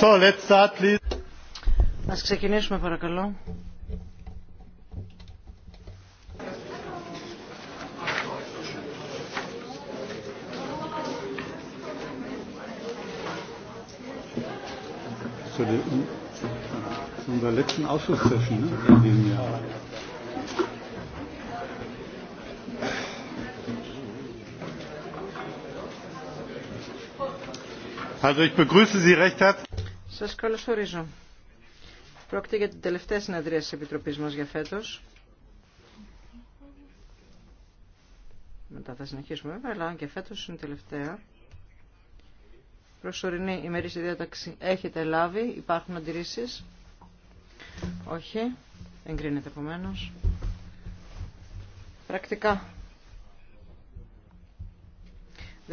So, let's start, Ας ξεκινήσουμε παρακαλώ. letzten Ausschusssession Also ich begrüße Sie recht herzlich. Σας καλωσορίζω. Πρόκειται για την τελευταία συναντρία της Επιτροπής μας για φέτος. Μετά θα συνεχίσουμε βέβαια, αλλά και φέτος είναι τελευταία. Προσωρινή ημερήσια διάταξη έχετε λάβει, υπάρχουν αντιρρήσεις. Όχι, εγκρίνεται επομένω. Πρακτικά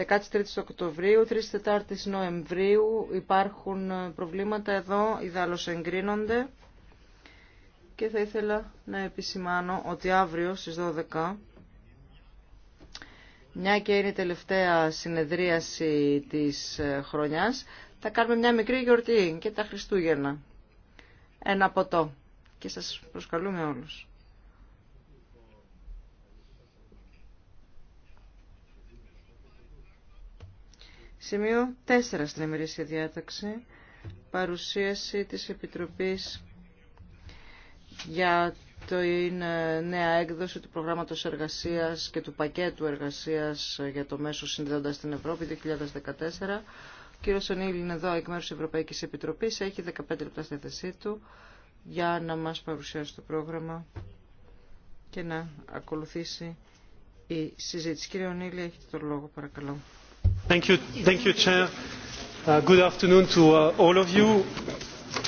13 Οκτωβρίου, 3 4 Νοεμβρίου υπάρχουν ε, προβλήματα εδώ, οι δάλος εγκρίνονται. Και θα ήθελα να επισημάνω ότι αύριο στις 12, μια και είναι η τελευταία συνεδρίαση της ε, χρονιάς, θα κάνουμε μια μικρή γιορτή και τα Χριστούγεννα. Ένα ποτό. Και σας προσκαλούμε όλους. Σημείο 4 στην ημερήσια διάταξη. Παρουσίαση της Επιτροπής για το ε, νέα έκδοση του προγράμματος εργασίας και του πακέτου εργασίας για το μέσο συνδέοντας στην Ευρώπη 2014. Ο κύριος Ονίλη είναι εδώ εκ μέρους της Ευρωπαϊκής Επιτροπής. Έχει 15 λεπτά στη θέση του για να μας παρουσιάσει το πρόγραμμα και να ακολουθήσει η συζήτηση. Κύριε Ονίλη, έχετε το λόγο παρακαλώ. Thank you, Chair. Good afternoon to all of you.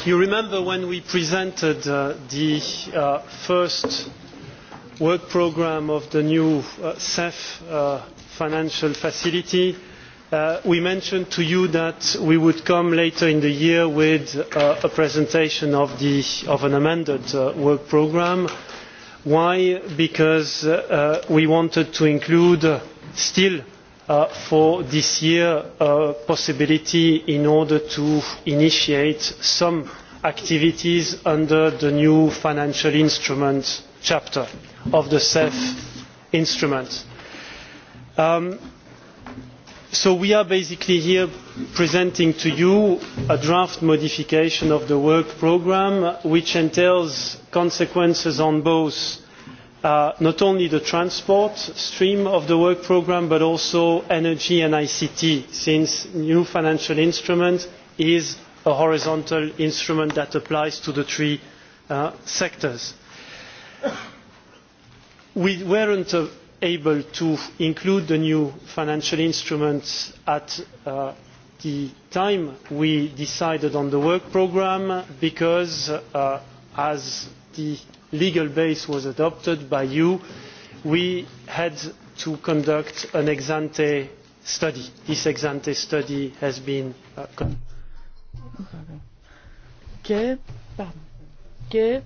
You remember when we presented the first work programme of the new CEF financial facility, we mentioned to you that we would come later in the year with a presentation of an amended work programme. Why? Because we wanted to include still for this year a possibility in order to initiate some activities under the new financial instrument chapter of the cef instrument. so we are basically here presenting to you a draft modification of the work programme which entails consequences on both not only the transport stream of the work programme but also energy and ict since the new financial instrument is a horizontal instrument that applies to the three sectors. we were not able to include the new financial instruments at the time we decided on the work programme because as the legal base was adopted by you, we had to conduct an ex ante study. This ex ante study has been uh, και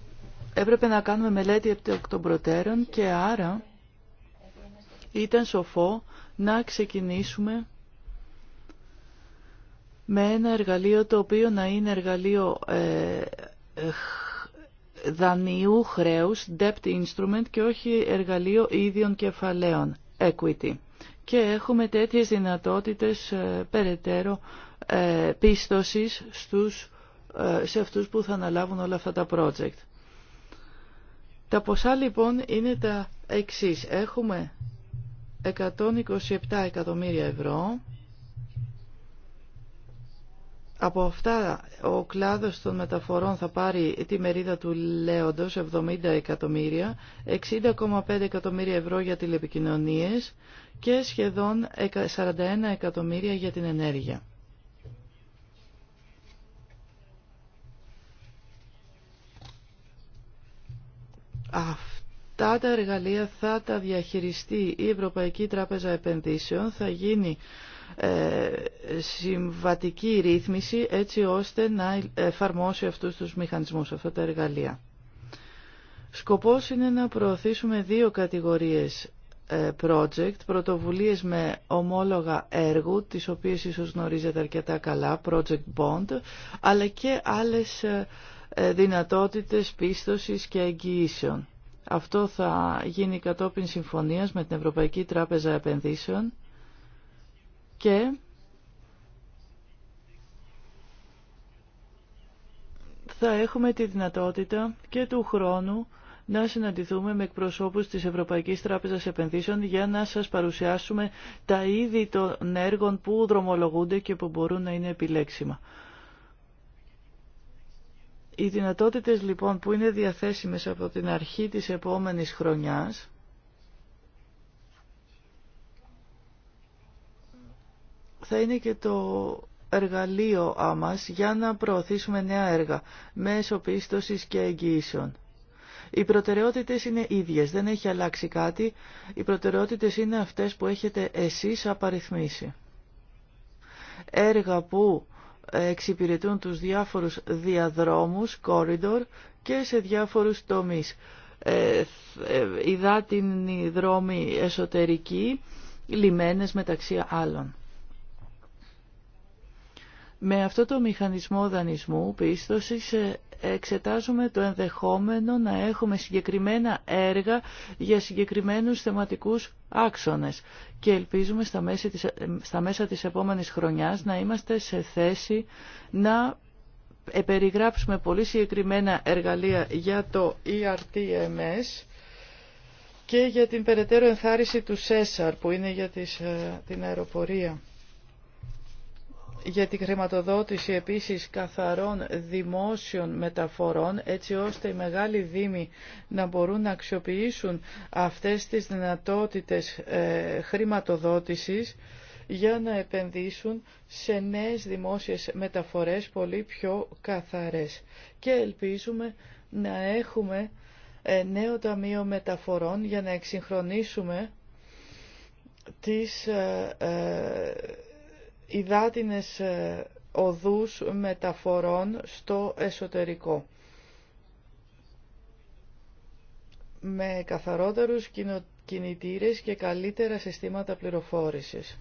έπρεπε να κάνουμε μελέτη εκ των προτέρων και άρα ήταν σοφό να ξεκινήσουμε με ένα εργαλείο το οποίο να είναι εργαλείο ε, ε, δανείου χρέους, debt instrument και όχι εργαλείο ίδιων κεφαλαίων, equity. Και έχουμε τέτοιες δυνατότητες ε, περαιτέρω ε, πίστοσης ε, σε αυτούς που θα αναλάβουν όλα αυτά τα project. Τα ποσά λοιπόν είναι τα εξής. Έχουμε 127 εκατομμύρια ευρώ από αυτά ο κλάδος των μεταφορών θα πάρει τη μερίδα του λέοντος 70 εκατομμύρια, 60,5 εκατομμύρια ευρώ για τηλεπικοινωνίες και σχεδόν 41 εκατομμύρια για την ενέργεια. Αυτά τα εργαλεία θα τα διαχειριστεί η Ευρωπαϊκή Τράπεζα Επενδύσεων, θα γίνει ε, συμβατική ρύθμιση έτσι ώστε να εφαρμόσει αυτούς τους μηχανισμούς, αυτά τα εργαλεία. Σκοπός είναι να προωθήσουμε δύο κατηγορίες ε, project, πρωτοβουλίες με ομόλογα έργου, τις οποίες ίσως γνωρίζετε αρκετά καλά, project bond, αλλά και άλλες ε, δυνατότητες πίστοσης και εγγυήσεων. Αυτό θα γίνει κατόπιν συμφωνίας με την Ευρωπαϊκή Τράπεζα Επενδύσεων και θα έχουμε τη δυνατότητα και του χρόνου να συναντηθούμε με εκπροσώπους της Ευρωπαϊκής Τράπεζας Επενδύσεων για να σας παρουσιάσουμε τα είδη των έργων που δρομολογούνται και που μπορούν να είναι επιλέξιμα. Οι δυνατότητες λοιπόν που είναι διαθέσιμες από την αρχή της επόμενης χρονιάς θα είναι και το εργαλείο άμας για να προωθήσουμε νέα έργα μέσω πίστοση και εγγύησεων. Οι προτεραιότητες είναι ίδιες, δεν έχει αλλάξει κάτι. Οι προτεραιότητες είναι αυτές που έχετε εσείς απαριθμίσει. Έργα που εξυπηρετούν τους διάφορους διαδρόμους, corridor και σε διάφορους τομείς. Ε, ε, Υδάτινοι δρόμοι εσωτερική, λιμένες μεταξύ άλλων. Με αυτό το μηχανισμό δανεισμού πίστοσης ε, εξετάζουμε το ενδεχόμενο να έχουμε συγκεκριμένα έργα για συγκεκριμένους θεματικούς άξονες και ελπίζουμε στα, μέσα της ε, επόμενης χρονιάς να είμαστε σε θέση να περιγράψουμε πολύ συγκεκριμένα εργαλεία για το ERTMS και για την περαιτέρω ενθάρρυνση του ΣΕΣΑΡ που είναι για ε, την αεροπορία για την χρηματοδότηση επίσης καθαρών δημόσιων μεταφορών έτσι ώστε οι μεγάλοι δήμοι να μπορούν να αξιοποιήσουν αυτές τις δυνατότητες ε, χρηματοδότησης για να επενδύσουν σε νέες δημόσιες μεταφορές πολύ πιο καθαρές. Και ελπίζουμε να έχουμε ε, νέο ταμείο μεταφορών για να εξυγχρονίσουμε τις ε, υδάτινες ε, οδούς μεταφορών στο εσωτερικό. με καθαρότερους κινητήρες και καλύτερα συστήματα πληροφόρησης.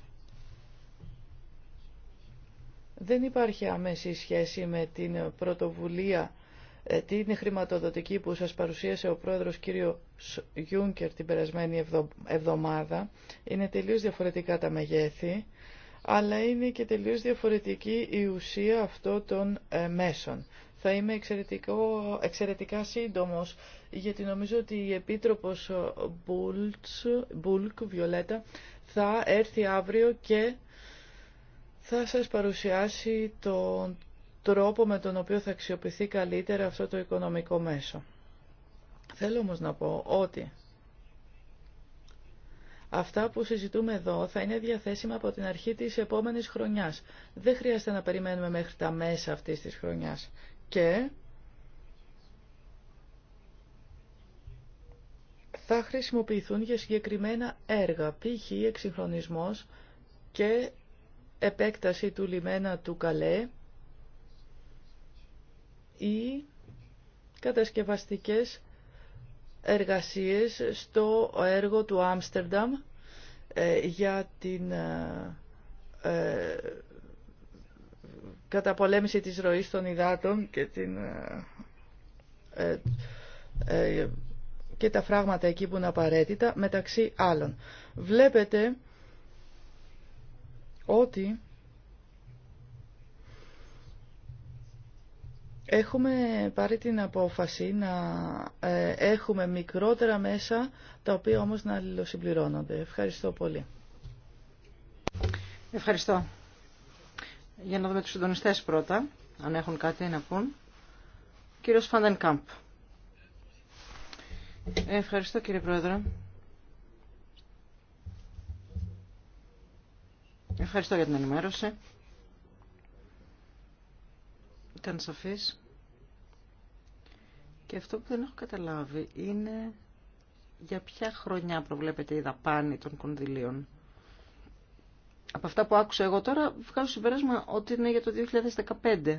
Δεν υπάρχει άμεση σχέση με την πρωτοβουλία, ε, την χρηματοδοτική που σας παρουσίασε ο πρόεδρος κ. Γιούνκερ την περασμένη εβδομάδα. Είναι τελείως διαφορετικά τα μεγέθη αλλά είναι και τελείως διαφορετική η ουσία αυτών των ε, μέσων. Θα είμαι εξαιρετικό, εξαιρετικά σύντομος, γιατί νομίζω ότι η Επίτροπος Bulk, ε, Βιολέτα, θα έρθει αύριο και θα σας παρουσιάσει τον τρόπο με τον οποίο θα αξιοποιηθεί καλύτερα αυτό το οικονομικό μέσο. Θέλω όμως να πω ότι Αυτά που συζητούμε εδώ θα είναι διαθέσιμα από την αρχή της επόμενης χρονιάς. Δεν χρειάζεται να περιμένουμε μέχρι τα μέσα αυτής της χρονιάς. Και θα χρησιμοποιηθούν για συγκεκριμένα έργα, π.χ. εξυγχρονισμός και επέκταση του λιμένα του Καλέ ή κατασκευαστικές εργασίες στο έργο του Άμστερνταμ ε, για την ε, ε, καταπολέμηση της ροής των υδάτων και, την, και τα φράγματα εκεί που είναι απαραίτητα, μεταξύ άλλων. Βλέπετε ότι Έχουμε πάρει την απόφαση να ε, έχουμε μικρότερα μέσα, τα οποία όμως να αλληλοσυμπληρώνονται. Ευχαριστώ πολύ. Ευχαριστώ. Για να δούμε τους συντονιστές πρώτα, αν έχουν κάτι να πούν. Κύριος Φαντεν Κάμπ. Ευχαριστώ κύριε Πρόεδρε. Ευχαριστώ για την ενημέρωση. Ήταν σαφής. Και αυτό που δεν έχω καταλάβει είναι για ποια χρονιά προβλέπεται η δαπάνη των κονδυλίων. Από αυτά που άκουσα εγώ τώρα βγάζω συμπέρασμα ότι είναι για το 2015.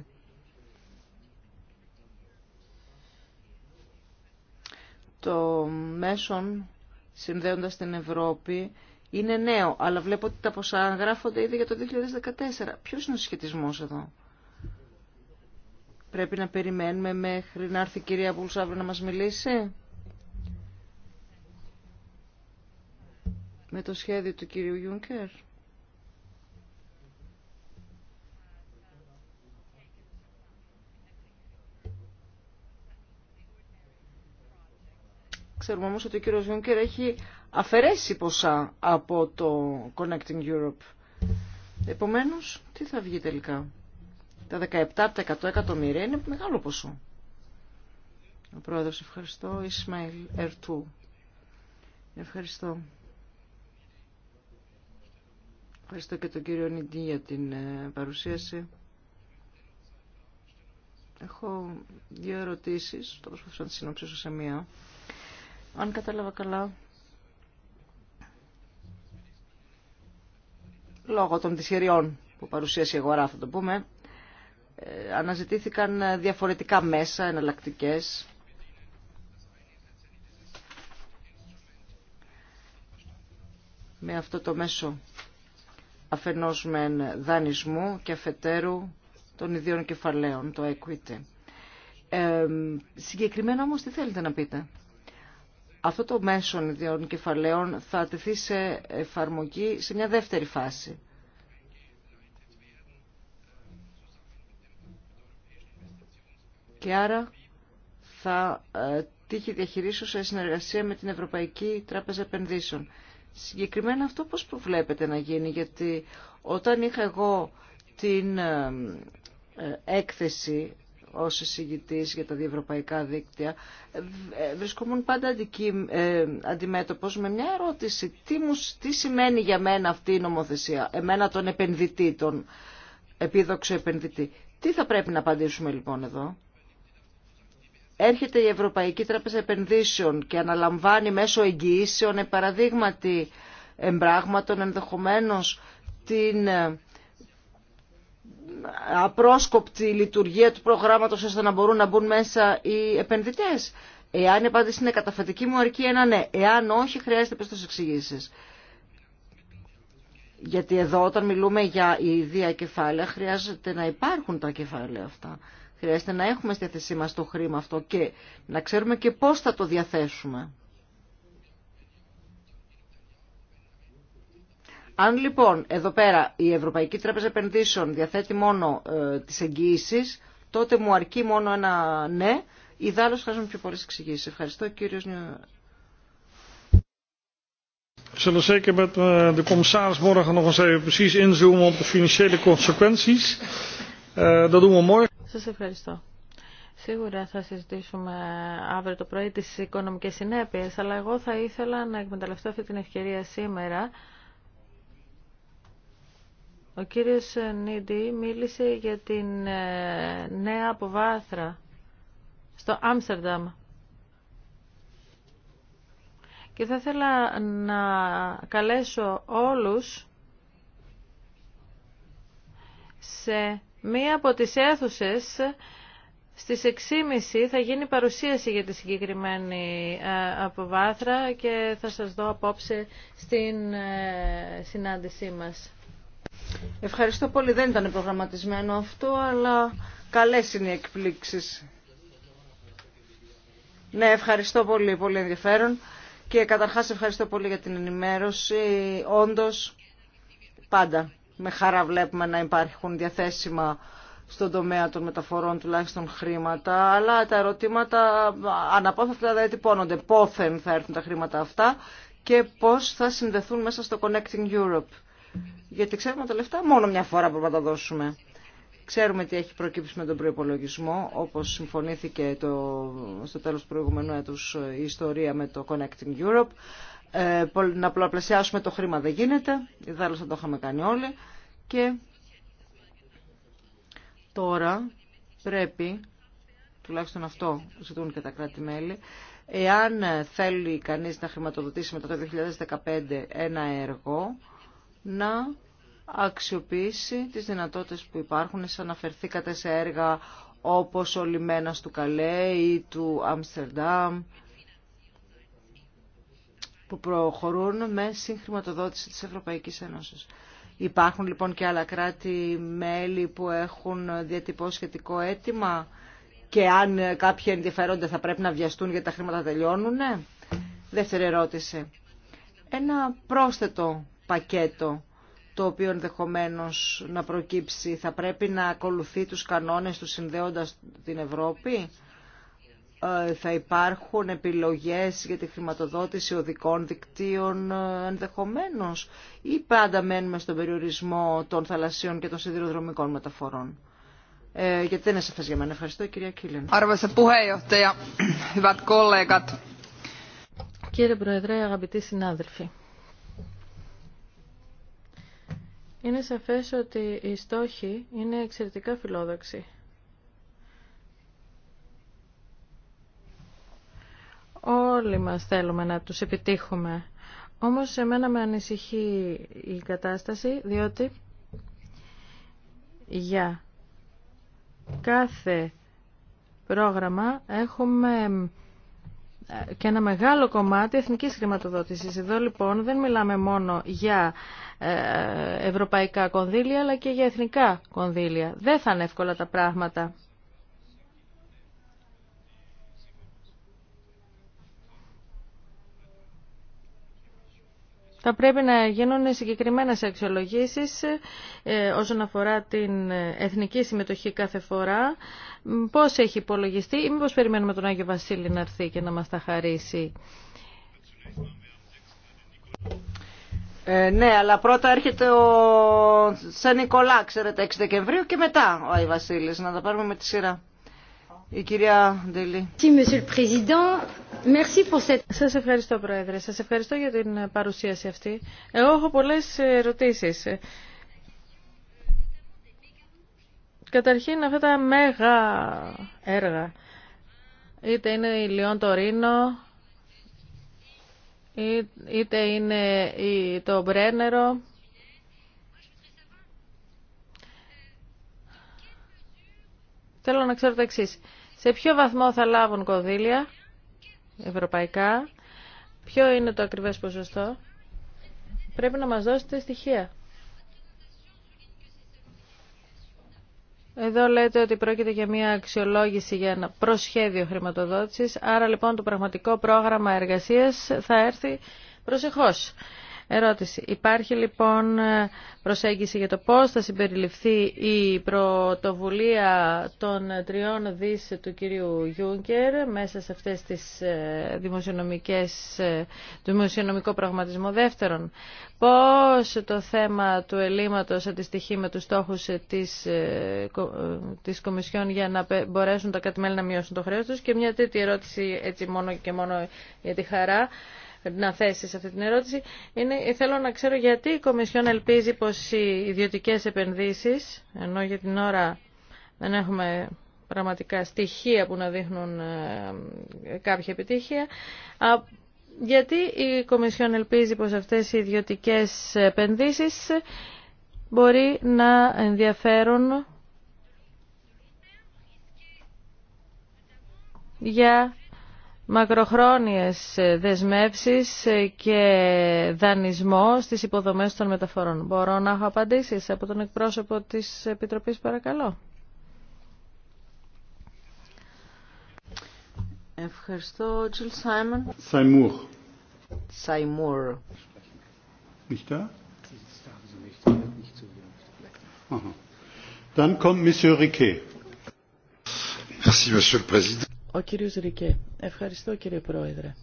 Το μέσον συνδέοντας την Ευρώπη είναι νέο, αλλά βλέπω ότι τα ποσά γράφονται ήδη για το 2014. Ποιος είναι ο σχετισμός εδώ. Πρέπει να περιμένουμε μέχρι να έρθει η κυρία Βουλσάβρου να μας μιλήσει. Με το σχέδιο του κυρίου Γιούνκερ. Ξέρουμε όμως ότι ο κύριος Γιούνκερ έχει αφαιρέσει ποσά από το Connecting Europe. Επομένως, τι θα βγει τελικά. Τα 17 από εκατομμύρια είναι μεγάλο ποσό. Ο πρόεδρος, ευχαριστώ. Ισμαήλ Ερτού. Ευχαριστώ. Ευχαριστώ και τον κύριο Νιντή για την ε, παρουσίαση. Έχω δύο ερωτήσεις, το προσπαθώ να τις συνοψίσω σε μία. Αν κατάλαβα καλά, λόγω των δυσχεριών που παρουσίασε η αγορά, θα το πούμε, ε, αναζητήθηκαν ε, διαφορετικά μέσα, εναλλακτικέ. Με αυτό το μέσο αφενός με δανεισμού και αφετέρου των ιδίων κεφαλαίων, το equity. Ε, συγκεκριμένα όμως τι θέλετε να πείτε. Αυτό το μέσο ιδίων κεφαλαίων θα τεθεί σε εφαρμογή σε μια δεύτερη φάση. και άρα θα ε, τύχει διαχειρίσω σε συνεργασία με την Ευρωπαϊκή Τράπεζα Επενδύσεων. Συγκεκριμένα αυτό πώς προβλέπετε να γίνει, γιατί όταν είχα εγώ την ε, ε, έκθεση ως εισηγητής για τα διευρωπαϊκά δίκτυα, βρισκόμουν πάντα αντιμέτωπος με μια ερώτηση. Τι, μου, τι σημαίνει για μένα αυτή η νομοθεσία, εμένα τον επενδυτή, τον επίδοξο επενδυτή. Τι θα πρέπει να απαντήσουμε λοιπόν εδώ έρχεται η Ευρωπαϊκή Τράπεζα Επενδύσεων και αναλαμβάνει μέσω εγγυήσεων επαραδείγματι εμπράγματων ενδεχομένως την ε, απρόσκοπτη λειτουργία του προγράμματος ώστε να μπορούν να μπουν μέσα οι επενδυτές. Εάν η απάντηση είναι καταφατική μου αρκεί ένα ναι. Εάν όχι χρειάζεται πες εξηγήσει. Γιατί εδώ όταν μιλούμε για η ίδια κεφάλαια χρειάζεται να υπάρχουν τα κεφάλαια αυτά. Χρειάζεται να έχουμε στη θέση μας το χρήμα αυτό και να ξέρουμε και πώς θα το διαθέσουμε. Αν λοιπόν εδώ πέρα η Ευρωπαϊκή Τράπεζα Επενδύσεων διαθέτει μόνο ε, τις εγγύησει, τότε μου αρκεί μόνο ένα ναι. ή Ιδάλλως χρειάζομαι πιο πολλές εξηγήσεις. Ευχαριστώ κύριος zullen zeker met eh, de commissaris morgen nog eens even precies inzoomen op de financiële consequenties. Eh, dat doen we morgen. Σας ευχαριστώ. Σίγουρα θα συζητήσουμε αύριο το πρωί τις οικονομικές συνέπειες, αλλά εγώ θα ήθελα να εκμεταλλευτώ αυτή την ευκαιρία σήμερα. Ο κύριος Νίντι μίλησε για την ε, νέα αποβάθρα στο Άμστερνταμ. Και θα ήθελα να καλέσω όλους σε Μία από τις αίθουσες στις 6.30 θα γίνει παρουσίαση για τη συγκεκριμένη ε, αποβάθρα και θα σας δω απόψε στην ε, συνάντησή μας. Ευχαριστώ πολύ. Δεν ήταν προγραμματισμένο αυτό, αλλά καλές είναι οι εκπλήξεις. Ναι, ευχαριστώ πολύ. Πολύ ενδιαφέρον. Και καταρχάς ευχαριστώ πολύ για την ενημέρωση. Όντως, πάντα με χαρά βλέπουμε να υπάρχουν διαθέσιμα στον τομέα των μεταφορών τουλάχιστον χρήματα, αλλά τα ερωτήματα αναπόφευκτα δεν τυπώνονται. Πόθεν θα έρθουν τα χρήματα αυτά και πώς θα συνδεθούν μέσα στο Connecting Europe. Γιατί ξέρουμε τα λεφτά μόνο μια φορά που θα τα δώσουμε. Ξέρουμε τι έχει προκύψει με τον προϋπολογισμό. όπως συμφωνήθηκε το, στο τέλος του προηγούμενου έτους η ιστορία με το Connecting Europe. Ε, να πολλαπλασιάσουμε το χρήμα δεν γίνεται, ιδάλλως θα το είχαμε κάνει όλοι και τώρα πρέπει, τουλάχιστον αυτό ζητούν και τα κράτη-μέλη, εάν θέλει κανείς να χρηματοδοτήσει μετά το 2015 ένα έργο, να αξιοποιήσει τις δυνατότητες που υπάρχουν, σαν αναφερθήκατε σε έργα όπως ο Λιμένας του Καλέ ή του Αμστερντάμ, που προχωρούν με συγχρηματοδότηση της Ευρωπαϊκής Ένωσης. Υπάρχουν λοιπόν και άλλα κράτη-μέλη που έχουν διατυπώσει σχετικό αίτημα και αν κάποιοι ενδιαφέρονται θα πρέπει να βιαστούν γιατί τα χρήματα τελειώνουν. Ναι. Δεύτερη ερώτηση. Ένα πρόσθετο πακέτο το οποίο ενδεχομένω να προκύψει θα πρέπει να ακολουθεί τους κανόνες του συνδέοντας την Ευρώπη ε, θα υπάρχουν επιλογές για τη χρηματοδότηση οδικών δικτύων ε, ενδεχομένως ή πάντα μένουμε στον περιορισμό των θαλασσίων και των σιδηροδρομικών μεταφορών. Ε, γιατί δεν είναι σαφές για μένα. Ευχαριστώ κυρία Κίλεν. Κύριε Πρόεδρε, αγαπητοί συνάδελφοι. Είναι σαφές ότι οι στόχοι είναι εξαιρετικά φιλόδοξοι. Όλοι μας θέλουμε να τους επιτύχουμε. Όμως σε μένα με ανησυχεί η κατάσταση, διότι για κάθε πρόγραμμα έχουμε ε, και ένα μεγάλο κομμάτι εθνικής χρηματοδότησης. Εδώ λοιπόν δεν μιλάμε μόνο για ε, ευρωπαϊκά κονδύλια αλλά και για εθνικά κονδύλια. Δεν θα είναι εύκολα τα πράγματα. Θα πρέπει να γίνουν συγκεκριμένες αξιολογήσεις ε, όσον αφορά την εθνική συμμετοχή κάθε φορά. Πώς έχει υπολογιστεί ή μήπως περιμένουμε τον Άγιο Βασίλη να έρθει και να μας τα χαρίσει. Ε, ναι, αλλά πρώτα έρχεται ο Σαν Νικολά, ξέρετε, 6 Δεκεμβρίου και μετά ο Άγιος Βασίλης. Να τα πάρουμε με τη σειρά. Η κυρία Σας ευχαριστώ, Πρόεδρε. Σας ευχαριστώ για την παρουσίαση αυτή. Εγώ έχω πολλές ερωτήσεις. Καταρχήν αυτά τα μέγα έργα, είτε είναι η Λιόν είτε είναι το Μπρένερο, Θέλω να ξέρω το εξή σε ποιο βαθμό θα λάβουν κονδύλια ευρωπαϊκά, ποιο είναι το ακριβές ποσοστό. Πρέπει να μας δώσετε στοιχεία. Εδώ λέτε ότι πρόκειται για μια αξιολόγηση για ένα προσχέδιο χρηματοδότησης, άρα λοιπόν το πραγματικό πρόγραμμα εργασίας θα έρθει προσεχώς. Ερώτηση. Υπάρχει λοιπόν προσέγγιση για το πώς θα συμπεριληφθεί η πρωτοβουλία των τριών δις του κυρίου Γιούγκερ μέσα σε αυτές τις ε, δημοσιονομικές, ε, δημοσιονομικό πραγματισμό. Δεύτερον, πώς το θέμα του ελλείμματος αντιστοιχεί με τους στόχους ε, της, της Κομισιόν για να μπορέσουν τα κατημέλη να μειώσουν το χρέος τους. Και μια τρίτη ερώτηση έτσι μόνο και μόνο για τη χαρά να θέσει αυτή την ερώτηση είναι θέλω να ξέρω γιατί η Κομισιόν ελπίζει πως οι ιδιωτικέ επενδύσεις, ενώ για την ώρα δεν έχουμε πραγματικά στοιχεία που να δείχνουν ε, κάποια επιτυχία, γιατί η Κομισιόν ελπίζει πως αυτές οι ιδιωτικές επενδύσεις μπορεί να ενδιαφέρουν για μακροχρόνιες δεσμεύσεις και δανεισμό στις υποδομές των μεταφορών. Μπορώ να έχω απαντήσεις από τον εκπρόσωπο της Επιτροπής, παρακαλώ. Ευχαριστώ, Τζιλ Σάιμον. Σαϊμούρ. Σαϊμούρ. Nicht da? Dann kommt Monsieur Riquet. Merci, Monsieur le Président. Ο κύριος Ρικέ. Ευχαριστώ κύριε Πρόεδρε.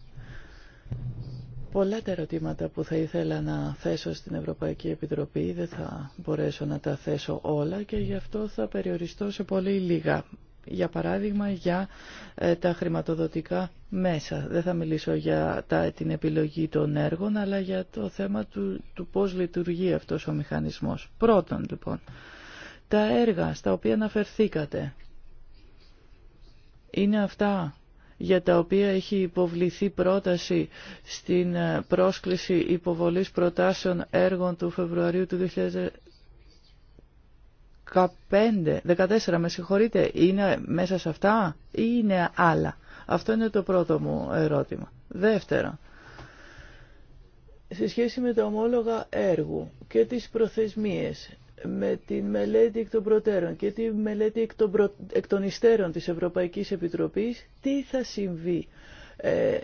Πολλά τα ερωτήματα που θα ήθελα να θέσω στην Ευρωπαϊκή Επιτροπή δεν θα μπορέσω να τα θέσω όλα και γι' αυτό θα περιοριστώ σε πολύ λίγα. Για παράδειγμα, για ε, τα χρηματοδοτικά μέσα. Δεν θα μιλήσω για τα, την επιλογή των έργων, αλλά για το θέμα του, του πώς λειτουργεί αυτός ο μηχανισμός. Πρώτον, λοιπόν, τα έργα στα οποία αναφερθήκατε είναι αυτά για τα οποία έχει υποβληθεί πρόταση στην ε, πρόσκληση υποβολής προτάσεων έργων του Φεβρουαρίου του 2015, 14, με συγχωρείτε, είναι μέσα σε αυτά ή είναι άλλα. Αυτό είναι το πρώτο μου ερώτημα. Δεύτερο, σε σχέση με τα ομόλογα έργου και τις προθεσμίες, με τη μελέτη εκ των προτέρων και τη μελέτη εκ των, προ... υστέρων της Ευρωπαϊκής Επιτροπής, τι θα συμβεί ε,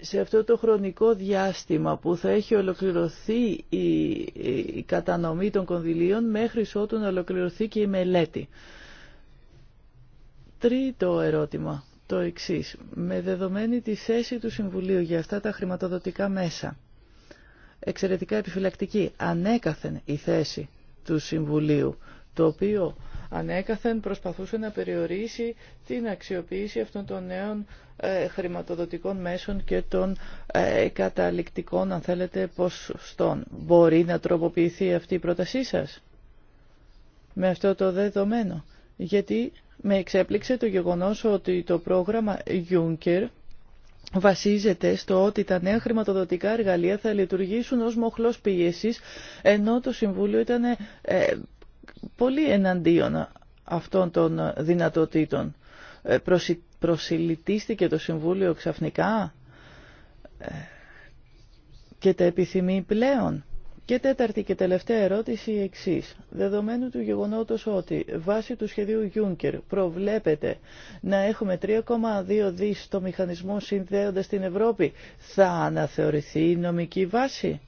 σε αυτό το χρονικό διάστημα που θα έχει ολοκληρωθεί η, κατανομή των κονδυλίων μέχρι ότου να ολοκληρωθεί και η μελέτη. Τρίτο ερώτημα, το εξής. Με δεδομένη τη θέση του Συμβουλίου για αυτά τα χρηματοδοτικά μέσα, εξαιρετικά επιφυλακτική. Ανέκαθεν η θέση του Συμβουλίου, το οποίο ανέκαθεν προσπαθούσε να περιορίσει την αξιοποίηση αυτών των νέων ε, χρηματοδοτικών μέσων και των ε, καταληκτικών, αν θέλετε, ποσοστών. Μπορεί να τροποποιηθεί αυτή η πρότασή σας με αυτό το δεδομένο. Γιατί με εξέπληξε το γεγονός ότι το πρόγραμμα Juncker βασίζεται στο ότι τα νέα χρηματοδοτικά εργαλεία θα λειτουργήσουν ως μοχλός πίεσης, ενώ το Συμβούλιο ήταν ε, πολύ εναντίον αυτών των δυνατοτήτων. Ε, προσιλητίστηκε το Συμβούλιο ξαφνικά ε, και τα επιθυμεί πλέον. Και τέταρτη και τελευταία ερώτηση εξή. Δεδομένου του γεγονότος ότι βάσει του σχεδίου Juncker προβλέπεται να έχουμε 3,2 δις στο μηχανισμό συνδέοντας την Ευρώπη, θα αναθεωρηθεί η νομική βάση.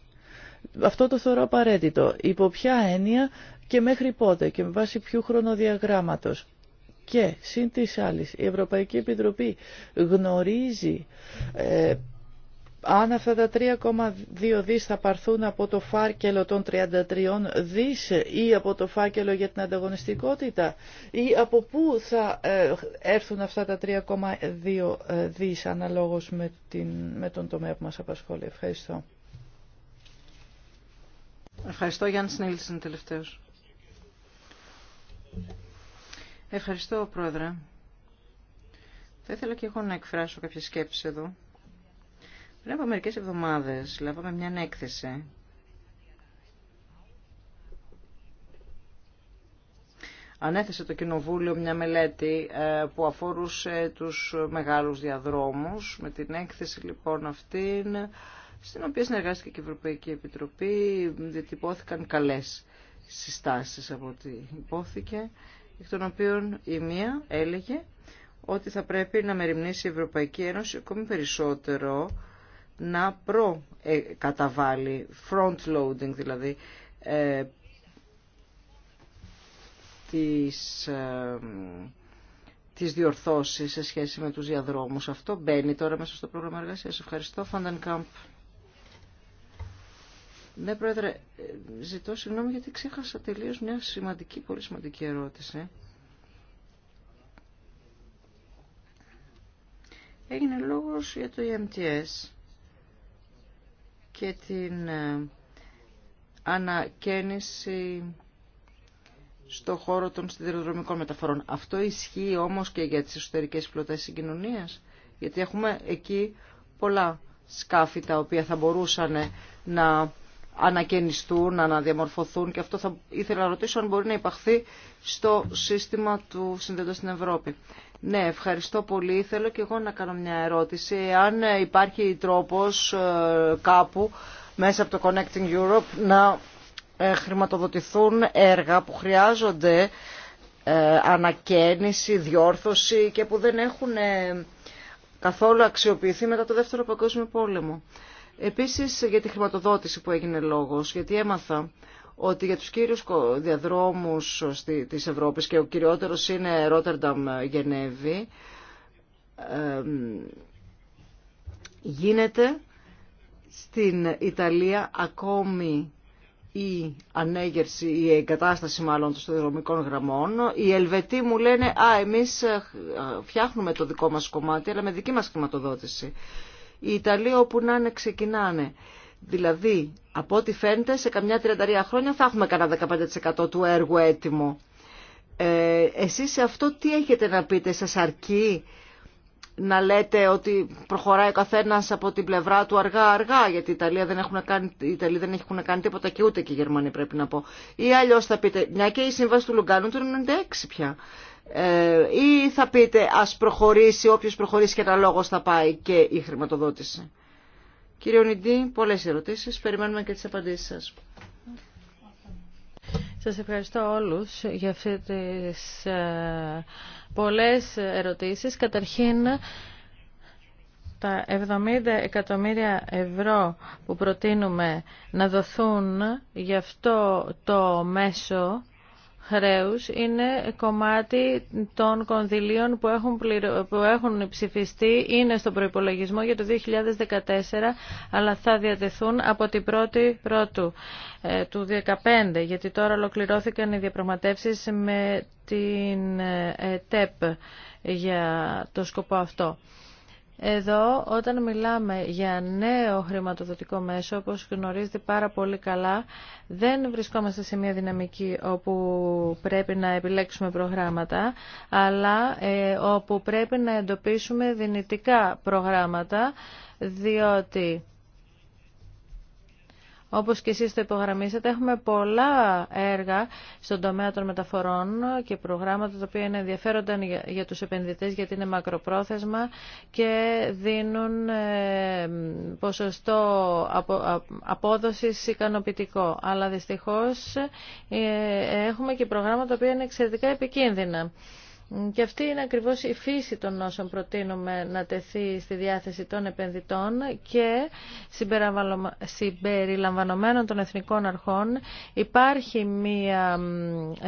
Αυτό το θεωρώ απαραίτητο. Υπό ποια έννοια και μέχρι πότε και με βάση ποιου χρονοδιαγράμματος. Και, συν της άλλης, η Ευρωπαϊκή Επιτροπή γνωρίζει ε, αν αυτά τα 3,2 δις θα παρθούν από το φάκελο των 33 δις ή από το φάκελο για την ανταγωνιστικότητα ή από πού θα ε, έρθουν αυτά τα 3,2 ε, δις αναλόγως με, την, με τον τομέα που μας απασχολεί. Ευχαριστώ. Ευχαριστώ Γιάννη Συνέλης είναι τελευταίος. Ευχαριστώ Πρόεδρε. Θα ήθελα και εγώ να εκφράσω κάποια σκέψη εδώ. Πριν από μερικές εβδομάδες λάβαμε μια έκθεση ανέθεσε το Κοινοβούλιο μια μελέτη ε, που αφορούσε τους μεγάλους διαδρόμους. Με την έκθεση λοιπόν αυτήν, στην οποία συνεργάστηκε και η Ευρωπαϊκή Επιτροπή, διατυπώθηκαν καλές συστάσεις από ό,τι υπόθηκε, εκ των οποίων η μία έλεγε ότι θα πρέπει να μεριμνήσει η Ευρωπαϊκή Ένωση ακόμη περισσότερο να προκαταβάλει, ε, front loading δηλαδή, ε, τις, ε, διορθώσεις σε σχέση με τους διαδρόμους. Αυτό μπαίνει τώρα μέσα στο πρόγραμμα εργασίας. Ευχαριστώ, Φαντανκάμπ. Ναι, Πρόεδρε, ε, ζητώ συγγνώμη γιατί ξέχασα τελείως μια σημαντική, πολύ σημαντική ερώτηση. Έγινε λόγος για το EMTS και την ε, ανακαίνιση στο χώρο των σιδηροδρομικών μεταφορών. Αυτό ισχύει όμως και για τις εσωτερικές φλωτές συγκοινωνίας, γιατί έχουμε εκεί πολλά σκάφη τα οποία θα μπορούσαν ε, να ανακαινιστούν, να αναδιαμορφωθούν και αυτό θα ήθελα να ρωτήσω αν μπορεί να υπαχθεί στο σύστημα του συνδέοντα στην Ευρώπη. Ναι, ευχαριστώ πολύ. Θέλω και εγώ να κάνω μια ερώτηση. Αν υπάρχει τρόπος ε, κάπου μέσα από το Connecting Europe να ε, χρηματοδοτηθούν έργα που χρειάζονται ε, ανακαίνιση, διόρθωση και που δεν έχουν καθόλου αξιοποιηθεί μετά το Δεύτερο Παγκόσμιο Πόλεμο. Επίσης για τη χρηματοδότηση που έγινε λόγος, γιατί έμαθα ότι για τους κύριους διαδρόμους της Ευρώπης και ο κυριότερος είναι Ρότερνταμ-Γενέβη γίνεται στην Ιταλία ακόμη η ανέγερση, η εγκατάσταση μάλλον των στοδρομικών γραμμών. Οι Ελβετοί μου λένε «Α, εμείς ε, φτιάχνουμε το δικό μας κομμάτι, αλλά με δική μας χρηματοδότηση». Οι Ιταλοί όπου να είναι ξεκινάνε. Δηλαδή, από ό,τι φαίνεται, σε καμιά 33 χρόνια θα έχουμε κανένα 15% του έργου έτοιμο. Ε, εσείς σε αυτό τι έχετε να πείτε, σας αρκεί να λέτε ότι προχωράει ο καθένας από την πλευρά του αργά-αργά, γιατί η Ιταλία δεν έχουν κάνει, οι δεν έχουν κάνει τίποτα και ούτε και οι Γερμανοί πρέπει να πω. Ή αλλιώς θα πείτε, μια και η σύμβαση του Λουγκάνου του 96 πια. Ε, ή θα πείτε ας προχωρήσει, όποιος προχωρήσει και ένα λόγος θα πάει και η χρηματοδότηση. Κύριε Ονιντή, πολλές ερωτήσεις. Περιμένουμε και τις απαντήσεις σας. Σας ευχαριστώ όλους για αυτές τις ε, πολλές ερωτήσεις. Καταρχήν, τα 70 εκατομμύρια ευρώ που προτείνουμε να δοθούν για αυτό το μέσο χρέους είναι κομμάτι των κονδυλίων που έχουν, που έχουν ψηφιστεί, είναι στο προϋπολογισμό για το 2014, αλλά θα διατεθούν από την 1η Πρώτου ε, του 2015, γιατί τώρα ολοκληρώθηκαν οι διαπραγματεύσεις με την ε, ε, ΤΕΠ για το σκοπό αυτό. Εδώ όταν μιλάμε για νέο χρηματοδοτικό μέσο, όπως γνωρίζετε πάρα πολύ καλά, δεν βρισκόμαστε σε μια δυναμική όπου πρέπει να επιλέξουμε προγράμματα, αλλά ε, όπου πρέπει να εντοπίσουμε δυνητικά προγράμματα, διότι όπως και εσείς το υπογραμμίσατε, έχουμε πολλά έργα στον τομέα των μεταφορών και προγράμματα τα οποία είναι ενδιαφέροντα για τους επενδυτές γιατί είναι μακροπρόθεσμα και δίνουν ε, ποσοστό απόδοσης ικανοποιητικό. Αλλά δυστυχώς ε, έχουμε και προγράμματα τα οποία είναι εξαιρετικά επικίνδυνα. Και αυτή είναι ακριβώς η φύση των όσων προτείνουμε να τεθεί στη διάθεση των επενδυτών και συμπεριλαμβανομένων των εθνικών αρχών υπάρχει μία